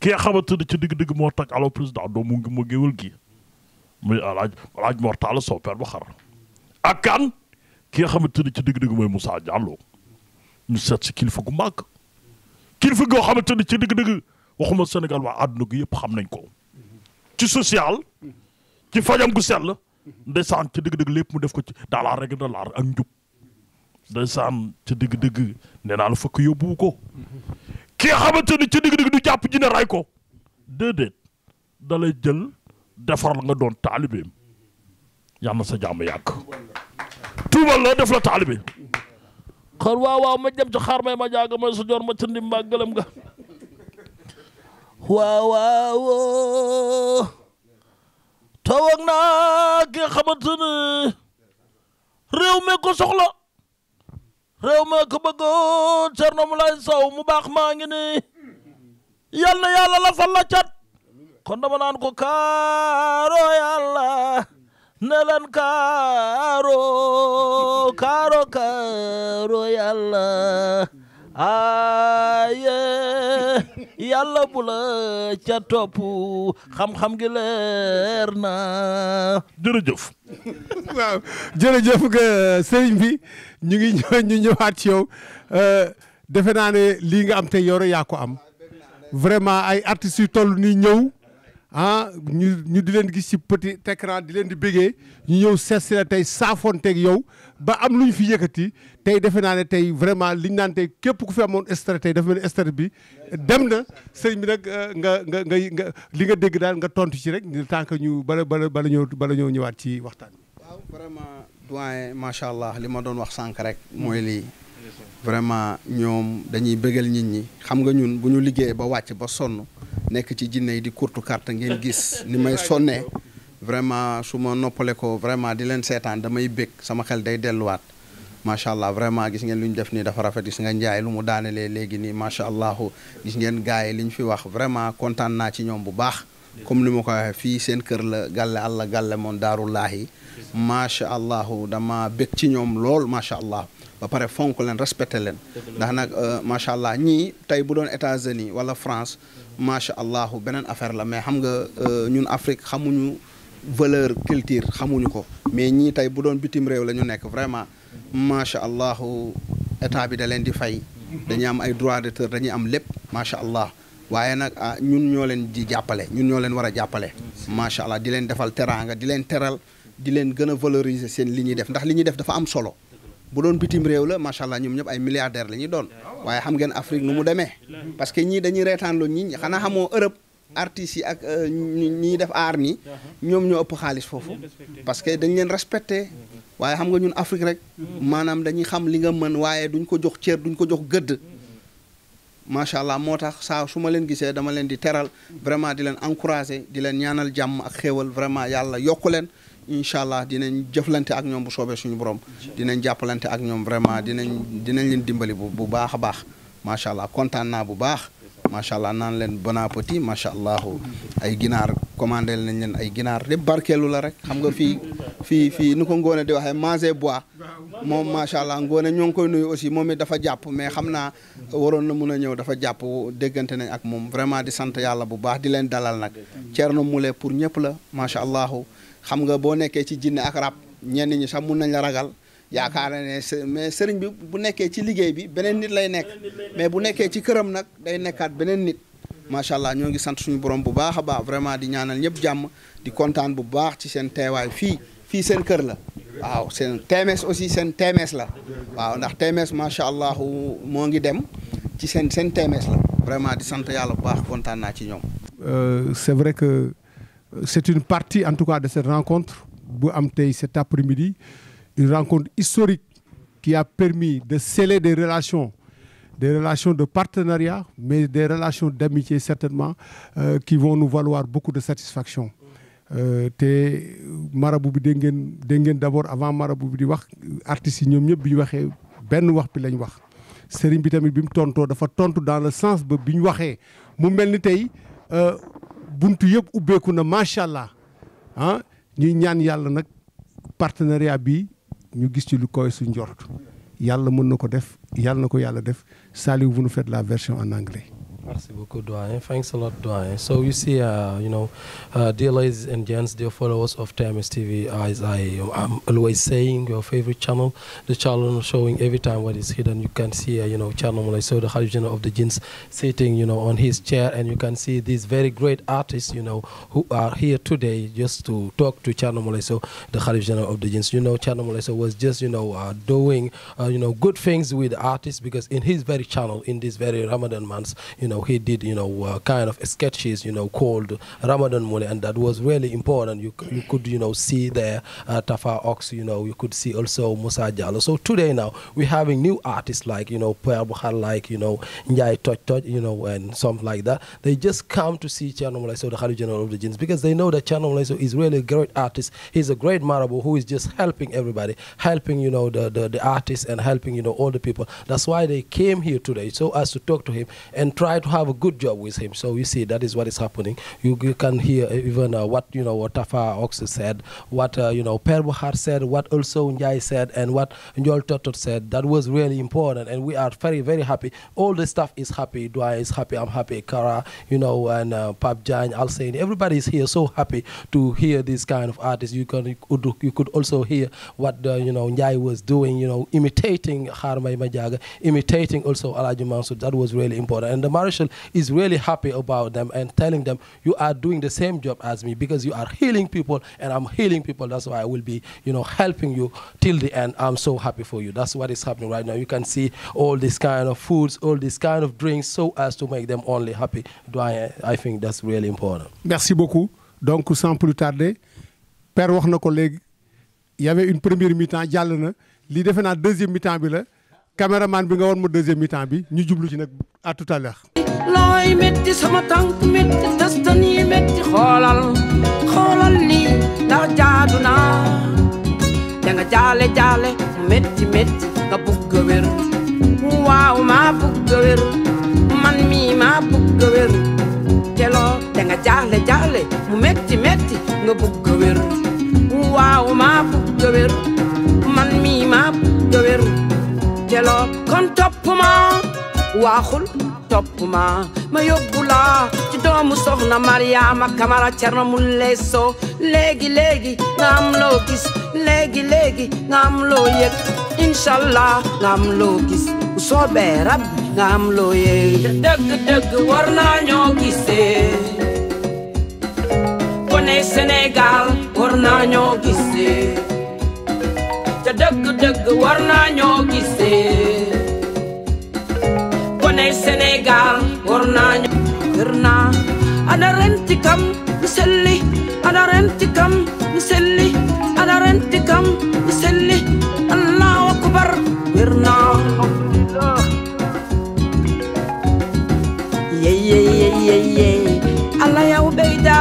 [SPEAKER 10] ki nga xamante ne ci digg-digg moo tag alors président doo mu ngi mu géwél gi muy alaaj alaaj mortala sow père ba xar ak kan ki nga xamante ne ci digg-digg mooy Moussa Diallo mu seet si kilifa gu mag kilifa goo xamante ne ci digg-digg waxuma Sénégal waa àdduna yëpp xam nañ ko ci social ci fajam gu sell ndeysaan ci digg-digg lépp mu def ko ci dans la règle de l'art ak njub ndeysaan ci digg-digg nee la fëkk yóbbu ko ki nga xamante ne ci jàpp ji ne ray ko déedéet da jël defar nga doon taalibeem yàlla na sa jàmm yàgg tuubal la def la taalibe xar waaw ma jëm ci xaar may ma jaaga may su ma tëndi mbaa gëlëm nga
[SPEAKER 4] waaw toog naa ki nga ne réew mi ko soxla réew mi ko bëggoon Thierno Moulay Sow mu baax maa ngi nii yal na yàlla la fal cat
[SPEAKER 8] kon dama naan ko kaaro yàlla ne leen kaaro kaaro yàlla
[SPEAKER 4] aaye yàlla bu la ca
[SPEAKER 2] xam-xam gi leer na jërëjëf
[SPEAKER 1] waaw jërëjëf nga sëriñ bi ñu ngi ñu ñëwaat ci yow euh, defe naa ne lii nga am te yoro yaa ko am vraiment ay artistes yu toll nii ñëw ah ñu ñu di leen gis ci petit écran di leen di bégee ñu ñëw seet si la tey saafonteeg yow ba am lu ñu fi yëkkati tey defe naa ne tey vraiment liñ naan tey képp ku fi amoon stress tey dafa mel bi dem na sëñ bi nag euh, nga nga ngay nga li nga dégg daal nga tontu ci rek tant que ñu bala bala bala ñëw bala ñëw ñëwaat ci waxtaan bi. waaw
[SPEAKER 9] vraiment doyen macha allah li ma doon wax sànq rek mooy lii. vraiment ñoom dañuy bëggal nit ñi xam nga ñun bu ñu liggéey ba wàcc ba sonn nekk ci jinne yi di courte carte ngeen gis ni may sonnee vraiment su ma noppale ko vraiment di leen seetaan damay bëgg sama xel day delluwaat macha allah vraiment gis ngeen lu ñu def nii dafa rafet gis nga njaay lu mu daanelee léegi nii macha allah gis ngeen gars yi li ñu fi wax vraiment kontaan naa ci ñoom bu baax comme ni ma ko waxee fii seen kër la gàlle àlla gàlle moon daaru laahi macha allah dama bëgg ci ñoom lool macha allah ba pare fonk leen respecté leen ndax nag euh, macha allah ñii tey bu doon États-Unis wala France mhm. macha allah beneen affaire la mais xam nga euh, ñun Afrique xamuñu valeur culture xamuñu ko mais ñii tey bu doon bitim réew la ñu nekk vraiment macha allah état bi da leen di fay mhm. dañu am ay droit d'auteur dañuy am lépp macha allah waaye nag ah ñun ñoo leen di jàppale ñun ñoo leen war a jàppale mhm. macha allah di leen defal teraanga di leen teral di leen gën a valoriser seen li ñuy def ndax li ñuy def dafa am solo bu doon bitim réew la macha allah ñoom ñëpp ay milliardaire la ñuy doon waaye xam ngeen Afrique nu mu demee parce que ñii dañuy reetaan lu ñi xanaa xamoo Europe artistes yi ak euh, ñi def aar nii ñoom ñoo ëpp xaalis foofu parce que dañ leen respecté waaye xam nga ñun Afrique rek maanaam dañuy xam li nga mën waaye duñ ko jox cër duñ ko jox gëdd macha allah moo tax saa su ma leen gisee dama leen di teral vraiment di leen encouragé di leen ñaanal jàmm ak xéewal vraiment yàlla yokku leen incha allah dinañ jëflante ak ñoom bu soobee suñu borom. dinañ jàppalante ak ñoom vraiment dinañ dinañ leen dimbali bu bu baax a baax macha allah kontaan naa bu baax. macha allah naan leen bon appétit macha allah ay ginaar commandé nañ leen ay ginaar lépp barkeelu la rek xam nga fii fii fii nu ko ngoone di waxee mangé bois moom macha allah ngoone ñoo ngi koy nuyu aussi moom it dafa jàpp mais xam naa waroon na mun a ñëw dafa jàpp déggante ne ak moom vraiment di sant yàlla bu baax di leen dalal nag Thierno Moule pour ñëpp la macha allah. xam nga boo nekkee ci jinne ak rab ñenn ñi sax mun nañ la ragal yaakaar ne mais sëriñ bi bu nekkee ci liggéey bi beneen nit lay nekk mais bu nekkee ci këram nag day nekkaat beneen nit macha allah ñoo ngi sant suñu borom bu baax a baax vraiment di ñaanal ñëpp jàmm di kontaan bu baax ci seen teewaay fii fii seen kër la waaw seen TMS aussi seen TMS la waaw ndax TMS macha allah moo ngi dem ci seen seen TMS la vraiment di sant yàlla bu baax kontaan naa ci ñoom. Euh,
[SPEAKER 1] c'est vrai que. c'est une partie en tout cas de cette rencontre bu am tey cet après-midi une rencontre historique ki a permis de sceller des relations des relations de partenariat mais des relations d'amitié certainement euh, qui vont nous valoir beaucoup de satisfaction euh, te marabu bi dégg ngeen dégg ngeen d'abord avant marabu bi di wax artistes yi ñoom ñëpp bi ñu waxee benn wax bi lañ wax sëriñ bi tamit bi mu tontoo dafa tontu dans le sens ba bi ñu waxee mu mel ni tey euh, bunt yëpp ubbeeku na macha allah ah ñuy ñaan yàlla nag partenariat bi ñu gis ci lu koy su njort yàlla mën na ko def yàlla na ko yàlla def Saliou vous nous faites la version en anglais.
[SPEAKER 8] Merci beaucoup, Dwayne. Thanks a lot, Dwayne. So you see, uh, you know, uh, dear ladies and gents, dear followers of TMS TV, as I am always saying, your favorite channel, the channel showing every time what is hidden. You can see, uh, you know, channel Mulay so the Khalif of the Jinns sitting, you know, on his chair, and you can see these very great artists, you know, who are here today just to talk to channel Mulay so the Khalif of the Jinns. You know, channel Mulay so was just, you know, uh, doing, uh, you know, good things with artists because in his very channel, in this very Ramadan month, you know. know, he did, you know, uh, kind of sketches, you know, called Ramadan Mule, and that was really important. You, you could, you know, see there uh, Tafa Ox, you know, you could see also Musa Jallo. So today now, we're having new artists like, you know, Per Bukhar, like, you know, Njai Toj Toj, you know, and something like that. They just come to see Channel Maleso, the Khali General of the Jinns, because they know that Channel Maleso is really a great artist. He's a great Marabu who is just helping everybody, helping, you know, the, the, the artists and helping, you know, all the people. That's why they came here today, so as to talk to him and try to to have a good job with him. So you see, that is what is happening. You, you can hear uh, even uh, what you know what Tafa Ox said, what uh, you know Per Buhar said, what also Njai said, and what Njol said. That was really important, and we are very very happy. All the staff is happy. Dwyer is happy. I'm happy. Kara, Pap Jan, Alsane, everybody is here so happy to hear this kind of artists. You could, also hear what uh, Njai was doing. You know, imitating Majaga, imitating also Alaji That was really important, profession is really happy about them and telling them you are doing the same job as me because you are healing people and I'm healing people. That's why I will be, you know, helping you till the end. I'm so happy for you. That's what is happening right now. You can see all this kind of foods, all this kind of drinks, so as to make them only happy. I, I think that's really important.
[SPEAKER 1] Merci beaucoup. Donc, sans plus tarder, Père wax na ko léegi, il y avait une première mi-temps jàll na lii defe naa deuxième mi-temps bi la. caméraman bi nga woon ma deuxième bi ñu jublu ci nag à
[SPEAKER 6] looy métti sama tànk métti destan yi xoolal xoolal lii ndax jaadu jaale jaale mu métti métti nga bugg a wér waaw maa bugg a man mii maa bugg a wér te jaale jaale mu métti métti nga bugg a wér waaw maa bugg a kon topp ma waaxul topp ma ma yóbbu la ci doomu soxna Mariama Kamara Cerno mu leesoo léegi léegi nga am loo gis léegi léegi nga am loo yëg inshallah nga am loo gis bu soobee rab nga am loo yëg dëgg dëgg dëgg war naa ñoo gisee kam nu selli ana renti kam nu selli ana renti kam nu selli allahu akbar wir naa yeyeyeyeye alla yaw ɓeyda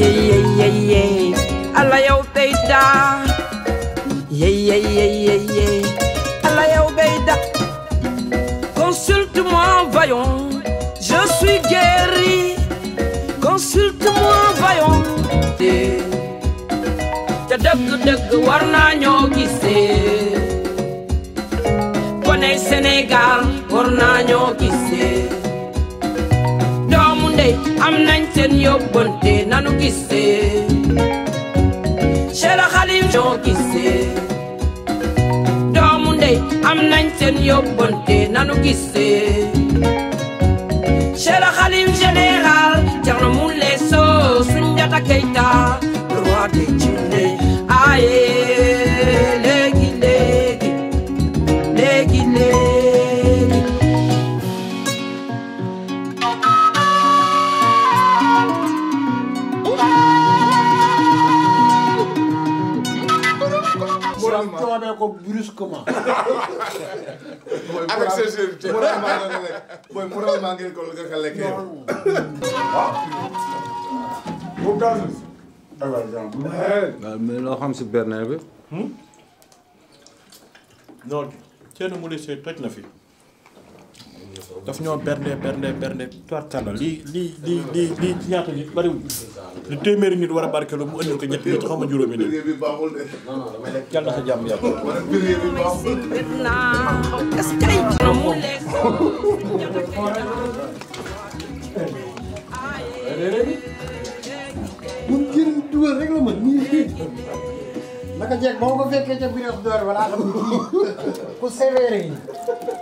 [SPEAKER 6] yeyeyeyeye alla yaw ɓeyda yeyeyeyeye alla yaw ɓeyda consulte moi voyons je suis guéri surtout moo fayoon te te dëgg-dëgg war naa ñoo gisee koney Sénégal war naa ñoo gisee doomu ndey am nañ seen yóbbante nanu gisee Cheikh Khalif ñoo gisee doomu ndey am nañ seen yóbbante nanu gisee Cheikh Khalif général Soundiata Keita roi des Djinné aye léegi léegi léegi léegi
[SPEAKER 3] mu dem coonee ko brusquement
[SPEAKER 8] avec
[SPEAKER 7] sincérité mooy mu raw maa ngi ko lekk
[SPEAKER 5] waaw bu tànn. waaw
[SPEAKER 2] mais loo xam si berne bi.
[SPEAKER 5] non kenn mu see toj
[SPEAKER 2] na fi. daf ñoo bernde bernde bernde tuwarkalla lii lii lii
[SPEAKER 10] lii lii ci ñaata nit bariwul lu téeméeri nit war a barkeeloo mu ëndil ko ñetti nit ma juróomi nit yàlla na jàmm
[SPEAKER 3] yàlla mun jëriñ dugal rek la mën nii naka jeeg boo ko fekkee ca biir door balaa xam ku sévère yi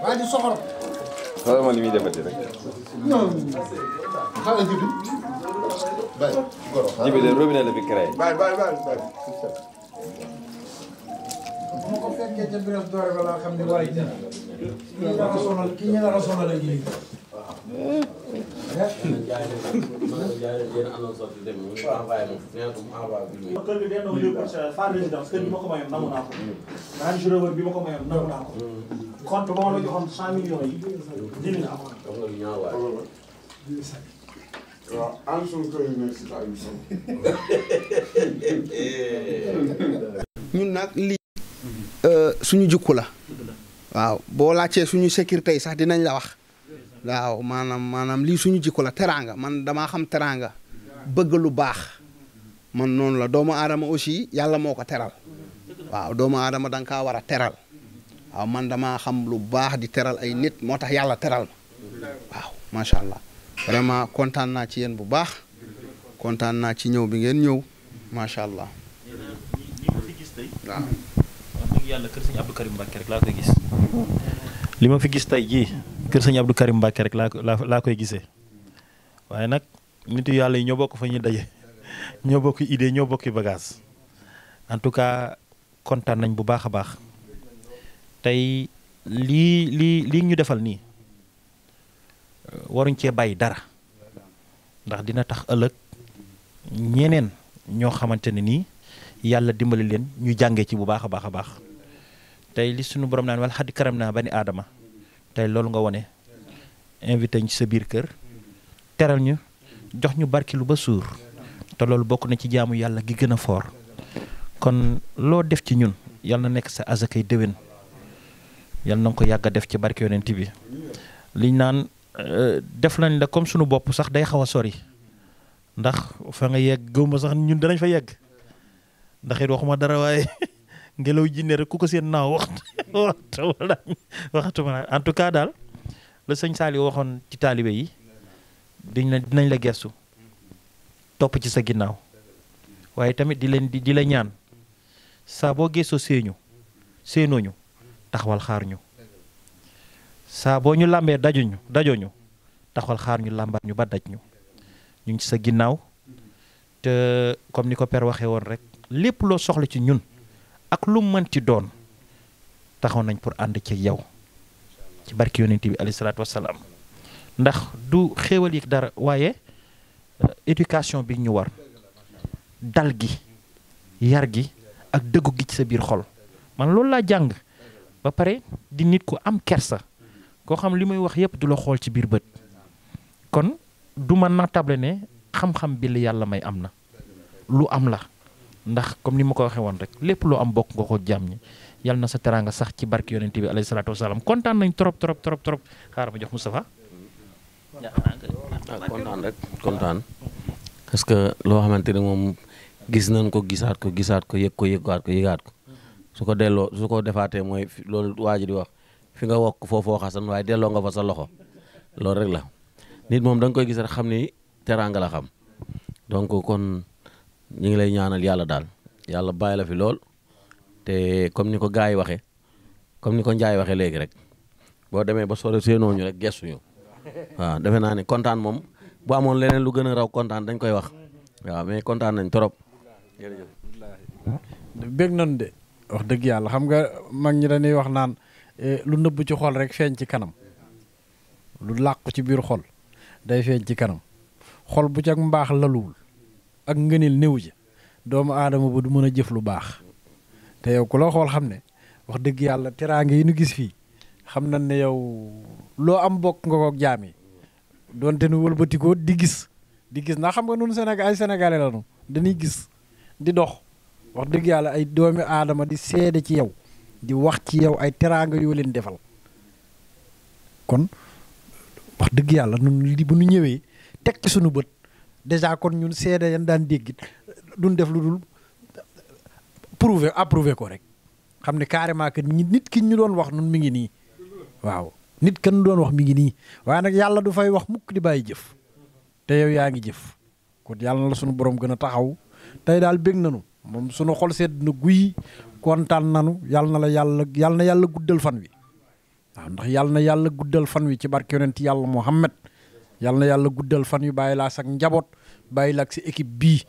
[SPEAKER 3] waa di soxor
[SPEAKER 9] xoolal ma li muy defati rek
[SPEAKER 3] non xaaral
[SPEAKER 7] jibi bay goro jibi de
[SPEAKER 8] robinet
[SPEAKER 9] la fi créé
[SPEAKER 7] bay bay bay bay
[SPEAKER 3] moo ko fekkee ca biir door balaa xam ne waay jël kii ñu la sonal
[SPEAKER 4] kii ñu la sonal
[SPEAKER 3] ak yéen
[SPEAKER 4] kër
[SPEAKER 9] naa nag lii suñu jukk la waaw boo laajtee suñu sécurité yi sax dinañ la wax waaw maanaam maanaam lii suñu jikko la teraanga man damaa xam teraanga bëgg lu baax man noonu la doomu aadama aussi yàlla moo ko teral waaw doomu aadama danga nga war a teral waaw man damaa xam lu baax di teral ay nit moo tax yàlla teral ma waaw macha allah vraiment kontaan naa ci yéen bu baax kontaan naa ci ñëw bi ngeen ñëw macha allah.
[SPEAKER 2] waaw. wax dëgg gis. li ma fi gis tey jii kër sëñ Abdou Karim mbàkke rek laa laa laa koy gisee waaye nag nitu yàlla yi ñoo bokk fa ñuy daje (laughs) ñoo bokk idée ñoo bokki bagaas en tout cas kontaan nañ bu baax a baax tey lii lii lii ñu defal nii euh, waruñ cee bàyyi dara ndax dina tax ëllëg ñeneen ñoo xamante ne nii yàlla dimbali leen ñu jàngee ci bu baax a baax a baax tey li suñu borom naan wala xaddi karam naa ba ni aadama tey loolu nga wone invité ñu sa biir kër teral ñu jox ñu barkilu ba suur te loolu bokk na ci jaamu yàlla gi gën a foor kon loo def ci ñun yal na nekk sa azakay déwén yal na nga ko yàgg def ci barke yonent bi liñ naan euh, def lañ la comme sunu bopp sax day xaw a sori ndax fa nga yegg gëw sax ñun danañ fa yegg ndax waxuma dara waaye (laughs) ngelaw jinne rek ku ko seen naaw (laughs) waxtu waxtuma naa en tout cas daal la sëñ saali waxoon ci taalibe yi diñ la dinañ la gestu topp ci sa ginnaaw waaye tamit di leen di la ñaan saa boo gëstoo seeñu seenooñu taxawal xaar ñu saa boo ñu làmbee dajuñu dajoñu taxawal xaar ñu làmbaat ñu ba daj ñu ñu ci sa ginnaaw te comme ni ko père waxee woon rek lépp loo soxla ci ñun ak lu mën ci doon taxaw nañ pour ànd ci yow ci barke yonent bi alayhi salaatu wasalaam ndax du xéewal yi dara waaye euh, éducation bi ñu war dal gi yar gi ak dëggu gi ci sa biir xol man loolu laa jàng ba pare di nit ko am kersa koo xam li muy wax yépp du la xool ci biir bët kon du ma table ne xam-xam bi la yàlla may am na lu am la ndax comme ni ma ko waxee woon rek lépp loo am bokk nga ko jàmm ñi yal na sa teraanga sax ci barke yonent bi alayhi salaatu wasalaam kontaan nañ trop trop trop trop xaaral ma jox Moustapha.
[SPEAKER 4] waaw ah, kontaan parce que loo xamante ne moom gis nañ ko gisaat ko gisaat ko yëg ko yëgaat ko yëgaat ko su ko delloo su ko defaatee mooy loolu waa di wax fi nga wokk foofoo xasan waaye delloo nga fa sa loxo loolu rek la nit moom da koy gis rek xam ni teraanga la xam donc kon. ñu ngi lay ñaanal yàlla daal yàlla bàyyi la fi lool te comme ni ko gars yi waxee comme ni ko njaay waxee léegi rek boo demee ba sore séenoo ñu rek gestu ñu waaw defe naa ne kontaan moom bu amoon leneen lu gën
[SPEAKER 3] a raw kontaan dañ koy wax waaw mais kontaan nañ trop
[SPEAKER 10] bég
[SPEAKER 3] bëgg de wax dëgg yàlla xam nga mag ñi dañuy wax naan eh, lu nëbb ci xol rek feeñ ci kanam lu làqu ci biir xol day feeñ ci kanam xol bu ca mbaax laluwul. ak ngëneel néew ji doomu aadama bu du mën a jëf lu baax te yow ku la xool xam ne wax dëgg yàlla teraange yi nu gis fii xam na ne yow loo am bokk nga kook jaam doonte nu wëlbatikoo di gis di gis ndax xam nga nun Sénégal ay sénégalais lañu dañuy gis di dox wax dëgg yàlla ay doomi aadama di seede ci yow di wax ci yow ay teraanga yoo leen defal kon wax dëgg yàlla nun bu nu ñëwee teg ci sunu bët déjà kon ñun seede yan daan déggit duñ def lu dul prouver approuver ko rek xam ne carrément que nit ki ñu doon wax nun mi ngi nii waaw nit kan doon wax mi ngi nii waaye nag yàlla du fay wax mukk di bàyyi jëf te yow yaa ngi jëf kon yàlla na la sunu borom gën a taxaw tey daal bég nanu moom sunu xol sedd na guy kontaan nanu yàlla na la yàlla yàlla yàlla guddal fan wi waaw ndax yàlla na yàlla guddal fan wi ci barke yonent yàlla Muhammad yal na yàlla guddal fan yu bàyyi laa sak njaboot bàyyi laa si équipe bii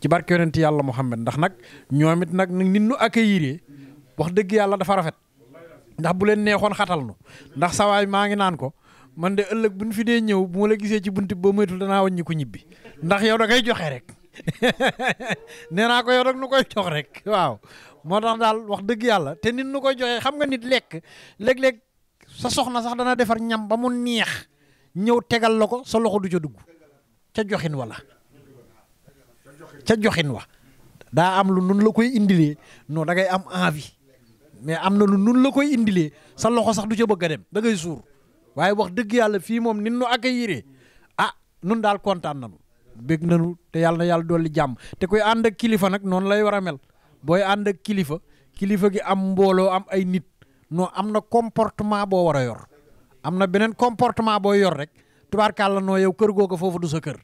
[SPEAKER 3] ci barke yonent yàlla Muhammad ndax nag ñoomit nag nit nu accueillir wax dëgg yàlla dafa rafet ndax bu leen neexoon xatal nu ndax sawaay maa ngi naan ko man de ëllëg bu nu fi dee ñëw bu ma la gisee ci bunti ba moytul danaa wàññi ko ñibbi ndax yow da ngay joxe rek (laughs) nee naa ko yow rek nu koy jox rek waaw moo tax daal wax dëgg yàlla te nit nu koy joxe xam nga nit lekk léeg sa soxna sax dana defar ñam ba mu neex ñëw tegal la ko sa loxo du ca dugg ca joxin wala ca joxin wa daa am lu nun la koy indilee non da ngay am envi mais am na lu nun la koy indilee sa loxo sax du ca bëgg a dem da ngay suur waaye wax dëgg yàlla fii moom nin nu yére ah nun daal kontaan nanu bég nanu te yàlla yàlla dool di jàmm te koy ànd ak kilifa nag noonu lay war a mel booy ànd ak kilifa kilifa gi am mbooloo am ay nit non am na comportement boo war a yor am na beneen comportement boo yor rek la noo yow kër googu foofu du sa kër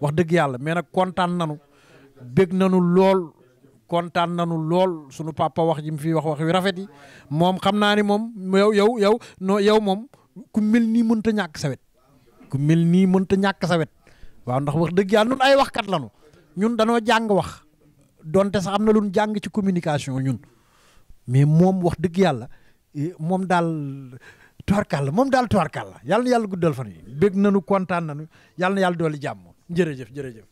[SPEAKER 3] wax dëgg yàlla mais nag kontaan nanu bég nanu lool kontaan nanu lool sunu papa wax ji mu fi wax wax wi rafet yi moom xam naa ni moom yow yow yow noo yow moom ku nii mënta ñàkk sa wet ku mel nii mënta ñàkk sa wet waaw ndax wax dëgg yàlla ñun ay kat lañu ñun danoo jàng wax donte sax am na lu jàng ci communication ñun mais moom wax dëgg yàlla eh, moom daal. la moom daal tuwarkàlla yàlla na yàlla guddal fan yi bég nanu kontaan nanu yàlla na yàlla dooli jàmm jërëjëf jërëjëf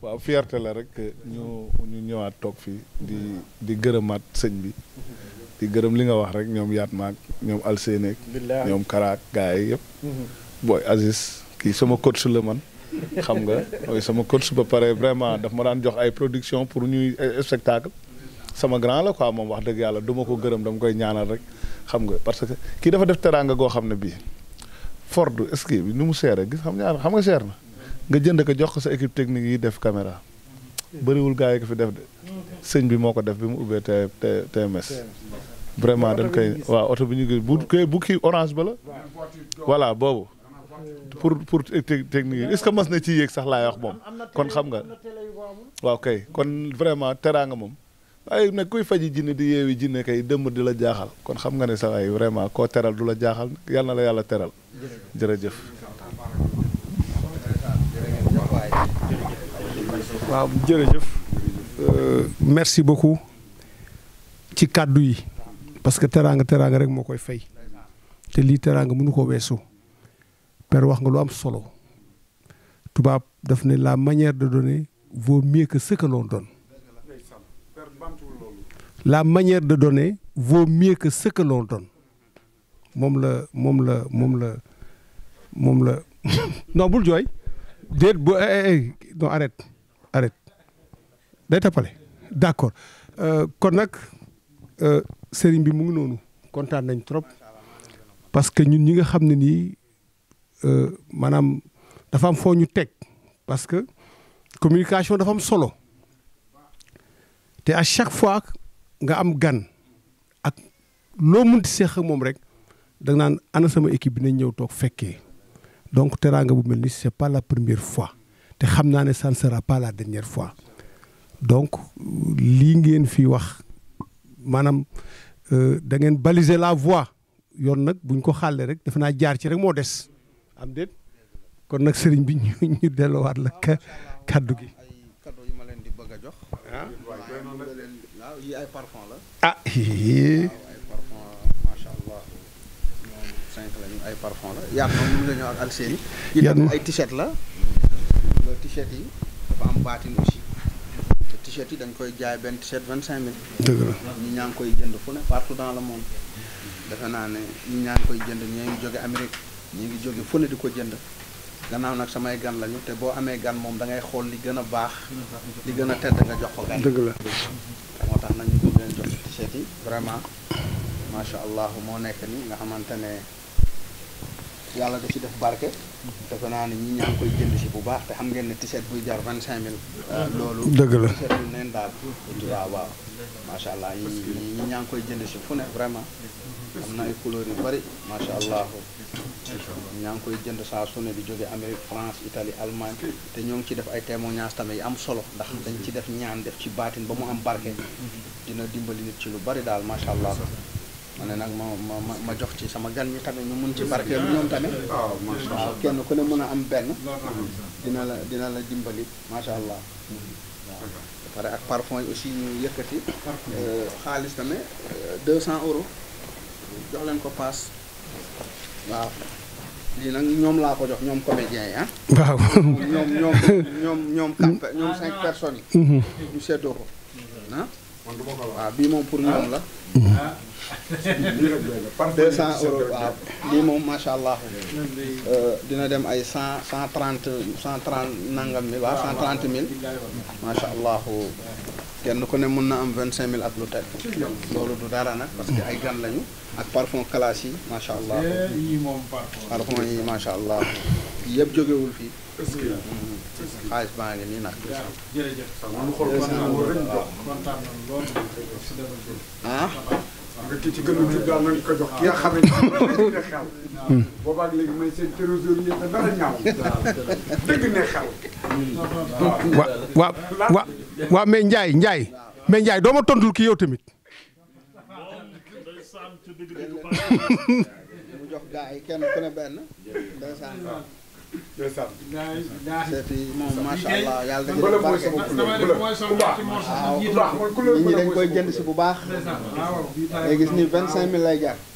[SPEAKER 7] waaw fierte la rek ñu ñëwaat toog fii di di gërëmaat sëñ bi di gërëm li nga wax rek ñoom yaat maag ñoom alseeneek ñoom karaak gaay yëpp mhm. booy agis kii sama coach la man xam nga mooy sama su ba pare vraiment daf ma daan jox ay production pour ñuy spectacle sama grand la ko moom wax dëgg yàlla du ma ko gërëm dama koy ñaanal rek xam nga parce que kii dafa def teraanga goo xam ne bii Ford Escape bi ni mu seere gis xam ñaar xam nga seer na nga jënd ko jox ko sa équipe technique yi def caméra bëriwul gars yi fi def de sëñ bi moo ko def bi mu ubbee te TMS vraiment dañ koy waaw oto bi ñu gis bu kii bu kii orange ba la voilà boobu pour pour technique yi est ce que mas na ci yéeg sax laay wax moom kon xam nga waaw kay kon vraiment teraanga moom waaye nag kuy faji jinne di yeewi jinne kay dëmm di la jaaxal kon xam nga ne sax ay vraiment koo teral du la jaaxal yàlla na la yàlla teral jërëjëf
[SPEAKER 1] waaw jërëjëf euh, merci beaucoup ci kàddu yi parce que teraanga teraanga rek moo koy fay te lii teraanga munu ko weesu per wax nga lu am solo tubaab daf ne la manière de donner vaut mieux que ce que la manière de donner vaut mieux que ce que moom la moom la moom la moom la (laughs) non bul jooy déet bu eh, eh, eh, non arrête arrête day tappale d'accord euh, kon nag euh, sëriñ bi mu ngi noonu kontaan nañ trop parce que ñun ñi nga xam ne nii euh, maanaam dafa am foo ñu teg parce que communication dafa am solo te à chaque fois nga am gan ak loo munti seex ak moom rek da naan ana sama équipe bi nañ ñëw toog fekkee donc teraanga bu mel ni c'est pas la première fois te xam naa ne ça ne sera pas la dernière fois donc lii ngeen fii wax maanaam euh, da ngeen baliser la voie yoon nag buñ ko xàllee rek defe naa jaar ci rek moo des am déet kon nag sëriñ bi ñu ñu delluwaat la kàddu gi
[SPEAKER 9] yi ay parfum la. ah. ay parfum allah cinq la ñu ay parfum la yaat moom mën nga ñëw ak Algérie. yaat moom ay t-shirt la. le t yi dafa am baatin aussi te dañ koy jaay benn t vingt cinq mille. dëgg ñaa ngi koy jënd fu ne partout dans le monde. defe naa ne ñi ñaa koy jënd ñii ngi jóge Amérique ñu ngi jóge fu ne di ko jënd. gannaaw nag samay gan lañu te boo amee gan moom da ngay xool li gën a baax. li gën a tedd nga jox ko gan. dëgg la. moo tax nañu bëgg leen jox t-shirt yi vraiment macha allah moo nekk nii nga xamante ne yàlla da ci def barke defe naa ne ñi ñaa ngi koy jënd si bu baax te xam ngeen ne t-shirt buy jar vingt cinq mille loolu dëgg la t-shirt yu neen daal waaw waaw macha allah ñi ñaa ngi koy jënd si fu ne vraiment am na ay couleurs yu bëri macha allah ñaa ngi koy jënd saa su ne di jóge Amérique France Italie Allemagne te ñoo ngi ci def ay témoignages tamit yi am solo ndax dañ ci def ñaan def ci baatin ba mu am barke dina dimbali nit ci lu bari daal macha allah ma ne nag ma ma ma jox ci sama gan ñi tamit ñu mun ci barkeelu ñoom tamit waaw kenn ku ne mën a am benn dina la dina la dimbali macha allah waaw pare ak parfum yi aussi ñu yëkkati euh, xaalis tamit 200 euh, euros jox leen ko paas waaw lii nag ñoom laa ko jox ñoom comédiens yi ah.
[SPEAKER 3] waaw ñoom ñoom
[SPEAKER 9] ñoom ñoom quatre ah, personnes yi. Mhm. ñu seetoo ko ah. waaw bii moom pour ñoom la. Ah. (laughs) deux lii moom macha allah euh, dina dem ay cent cent trente cent trente nangam mille waaw cent trente mille macha allah. kenn ko ne mun na am vingt cinq mille ak lu teg loolu du dara nag parce que ay gan lañu ak parfum classe yi macha allah eh, parfum yi macha allah yëpp jógewul fii xaalis baa ngi nii nag
[SPEAKER 3] ah nga ki ci a tudd daal nañ ko jox ki nga
[SPEAKER 5] xam ne
[SPEAKER 1] waaw mais Ndiaye Ndiaye mais Ndiaye doo ma tontul ki yow tamit.
[SPEAKER 9] moom macha allah yàlla dañu koy jënd si bu baax. léegi gis ni vingt cinq mille lay jar.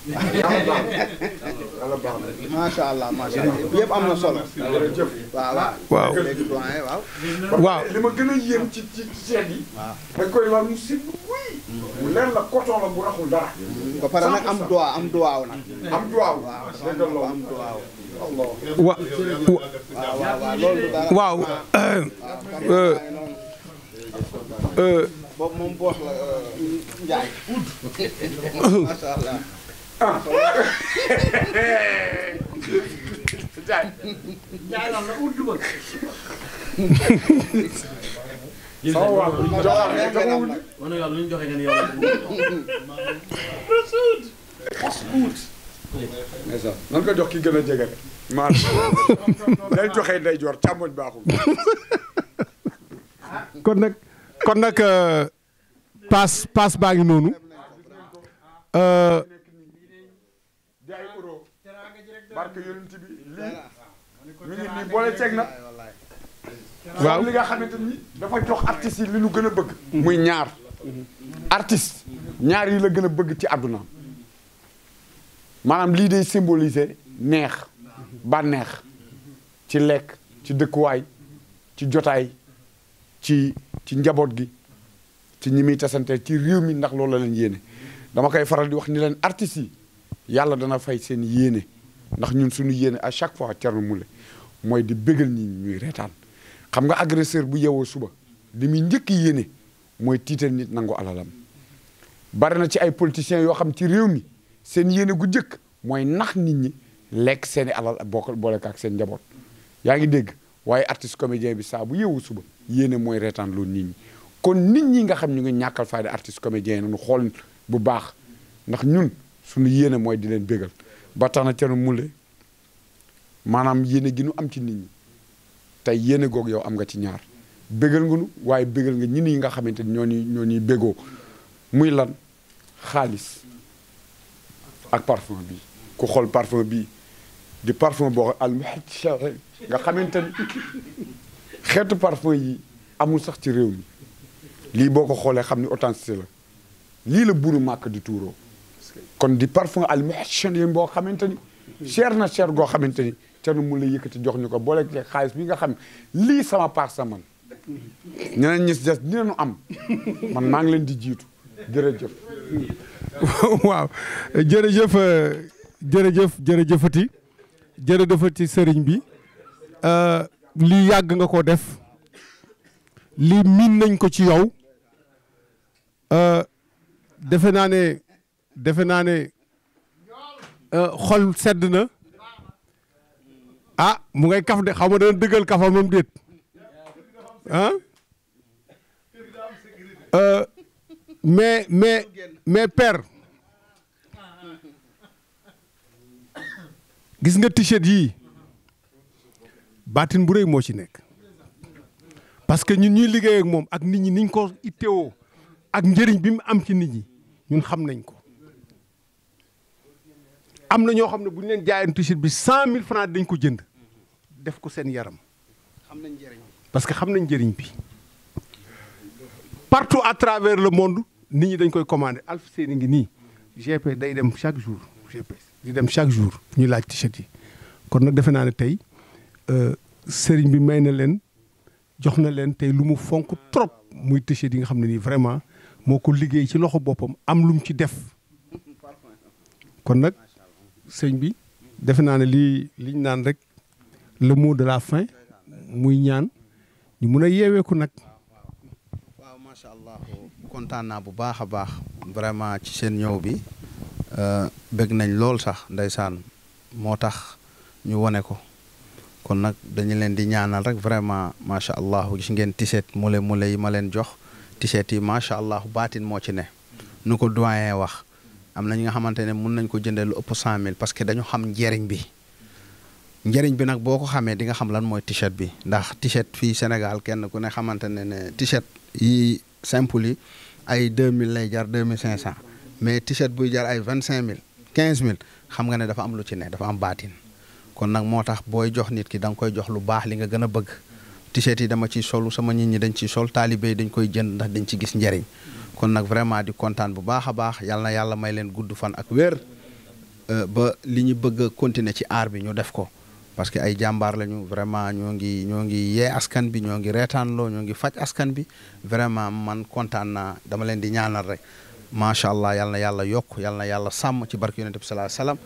[SPEAKER 9] macha allah macha allah yëpp am na solo. waaw waaw. waaw li ma gën a
[SPEAKER 5] yéem ci ci seet yi. waaw dañ koy wax mu si wuy. mu leer la coton la bu raxul dara.
[SPEAKER 9] ba pare nag am duwaaw am duwaaw nag. am duwaaw waaw am duwaaw. wa waaw loolu dara. waaw. Eh, eh, eh. boobu moom boo wax la Njaay. (laughs) macha allah. ah.
[SPEAKER 3] jaay la joxe
[SPEAKER 5] ngeen ko jox ki gën a jege rek. maanaam day joxe day joor càmmoñ baaxul.
[SPEAKER 1] kon nag kon nag euh, paas paas baa noonu. Euh,
[SPEAKER 5] barke yonent bi lii ñu ngi waaw li nga xamante ni dafa jox artistes yi gën a bëgg muy ñaar artiste la gën a bëgg ci àdduna maanaam lii day symboliser neex bànneex ci lekk ci dëkkuwaay ci jotaay ci ci njaboot gi ci ñi muy tasante ci réew mi ndax loolu la leen yéene dama koy faral di wax ni leen artistes yi yàlla dana fay seen yéene ndax ñun suñu yéene a chaque fois mu la mooy di bégal ñi ñuy reetaan xam nga agresseur bu yeewoo suba li muy njëkk yéene mooy tiital nit nangu alalam bari na ci ay politiciens yoo xam ci réew mi seen yéene gu njëkk mooy nax nit ñi lekk seen i alal bokk booleka ak seen njaboot yaa ngi dégg waaye artiste comédien bi saa bu yeewoo suba yéene mooy reetaan loolu nit ñi kon nit ñi nga xam ñu ngi ñàkkal fayda artiste comédien yi nañu xool bu baax ndax ñun suñu yéene mooy di leen ba tax na Thierno Moule maanaam yéene gi nu am ci nit ñi tey yéene goog yow am nga ci ñaar bégal nga nu waaye bégal nga ñi yi nga xamante ni ñoo ni ñoo ñuy bégoo muy lan xaalis ak parfum bi ku xool parfum bi di parfum boo almuhaj nga xamante ni xeetu parfum yi amul sax ci réew mi lii boo ko xoolee xam ni authenticité la lii la buuru màkk di tuuroo kon di parfum al muhsin yi boo xamante ni cher na cher goo xamante ni Thierno mu la yëkkati jox ñu ko boole ci xaalis bi nga xam lii sama par sa man ñeneen ñi si des dinañu am man maa ngi leen di jiitu jërëjëf (laughs) waaw jërëjëf euh, jërëjëf jërëjëfati jërëjëfati
[SPEAKER 1] sëriñ bi euh, lii yàgg nga ko def lii miin nañ ko ci yow euh, defe naane defe naa ne euh, xol sedd na ah mu ngay kaf de xaw ma dana dëggal kafa moom déet ah mais mais mais per gis nga t-shirt yii baatin bu rëy moo ci nekk parce que ñun ñuy liggéey moom ak nit ñi niñ ko ittewoo ak njëriñ bi mu am ci nit ñi ñun xam nañ ko am na ñoo xam ne bu ñu leen jaayoon t bi cent mille francs dañ ko jënd def ko seen yaram xam nañ njëriñ parce que xam nañ njëriñ bi partout à travers le monde nit ñi dañ koy commandé seen Seyni ngi nii GP day dem chaque jour GP di dem chaque jour ñu laaj t-shirt yi kon nag defe naa ne tey euh, sëriñ bi may na leen jox na leen tey lu mu fonk trop muy t yi nga xam ne nii vraiment moo ko liggéey ci loxo boppam am lu mu ci def kon nag sëñ bi defe naa ne lii liñ naan rek le mu de la muy ñaan ñu mun a yeeweeku nag.
[SPEAKER 9] waaw macha allah kontaan naa bu baax a baax. vraiment ci seen ñëw bi. Euh, bëgg nañ lool sax ndeysaan moo tax ñu wone ko kon nag dañu leen di ñaanal rek vraiment macha allah gis ngeen tiset mule mule yi ma leen jox tiset yi macha allah baatin moo ci ne. nu ko doyen wax. am na ñi nga xamante ne mun nañ ko jëndee lu ëpp cent mille parce que dañu xam njariñ bi njëriñ bi nag boo ko xamee di nga xam lan mooy t-shirt bi ndax t-shirt fii Sénégal kenn ku ne xamante ne ne t-shirt yi simple yi ay deux mille lay jar deux mille cinq cent mais t buy jar ay vingt cinq mille quinze mille xam nga ne dafa am lu ci ne dafa am baatin kon nag moo tax booy jox nit ki da nga koy jox lu baax li nga gën a bëgg t-shirt yi dama ciy solu sama nit ñi dañ ciy sol taalibe dañ koy jënd ndax dañ ci gis njëriñ kon nag vraiment di kontaan bu baax a baax yal na yàlla may leen gudd fan ak wér euh, ba li ñu bëgg continuer ci aar bi ñu def ko parce que ay jàmbaar lañu vraiment ñoo ngi ñoo ngi yee askan bi ñoo ngi reetaanloo ñoo ngi faj askan bi vraiment man kontaan naa dama leen di ñaanal rek macha allah yal na yàlla yokk yal na yàlla sàmm ci barke yonent bi salaa salaam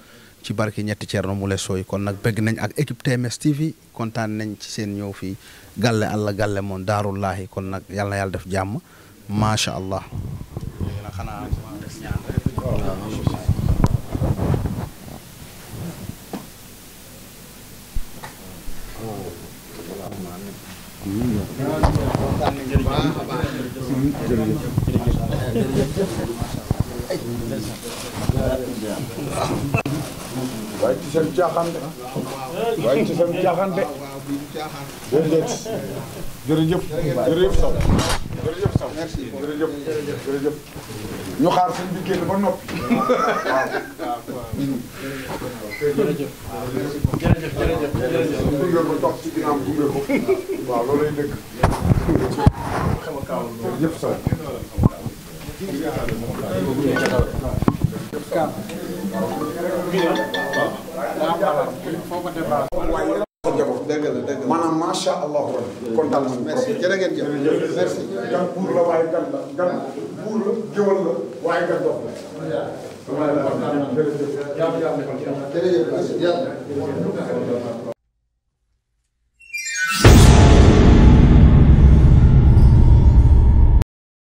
[SPEAKER 9] ci barke ñetti Thierno Moule Sow kon nag bëgg nañ ak équipe TMS TV kontaan nañ ci seen ñëw fii Galle Allah Galle moom daarullahi kon nag yal yàlla def jàmm. macha allah.
[SPEAKER 5] waaye ci seen caaxaan de waaye ci seen caaxaan de
[SPEAKER 8] déedéet
[SPEAKER 5] jërëjëf jërëjëf Sow jërëjëf Sow merci jërëjëf jërëjëf ñu xaar sëñ bi génn ba noppi waaw
[SPEAKER 9] jërëjëf jërëjëf jërëjëf gunge ko toog ci ginnaaw gunge ko waaw loolu lay dëgg jërëjëf
[SPEAKER 5] Sow waaw kon njaboot dëgg la dëgg la maanaam macha allah rabbi kontaan nañu merci jërë ngeen jëf gan buur la waaye gan la buur la jëwal la waaye gan dox la jërëjëf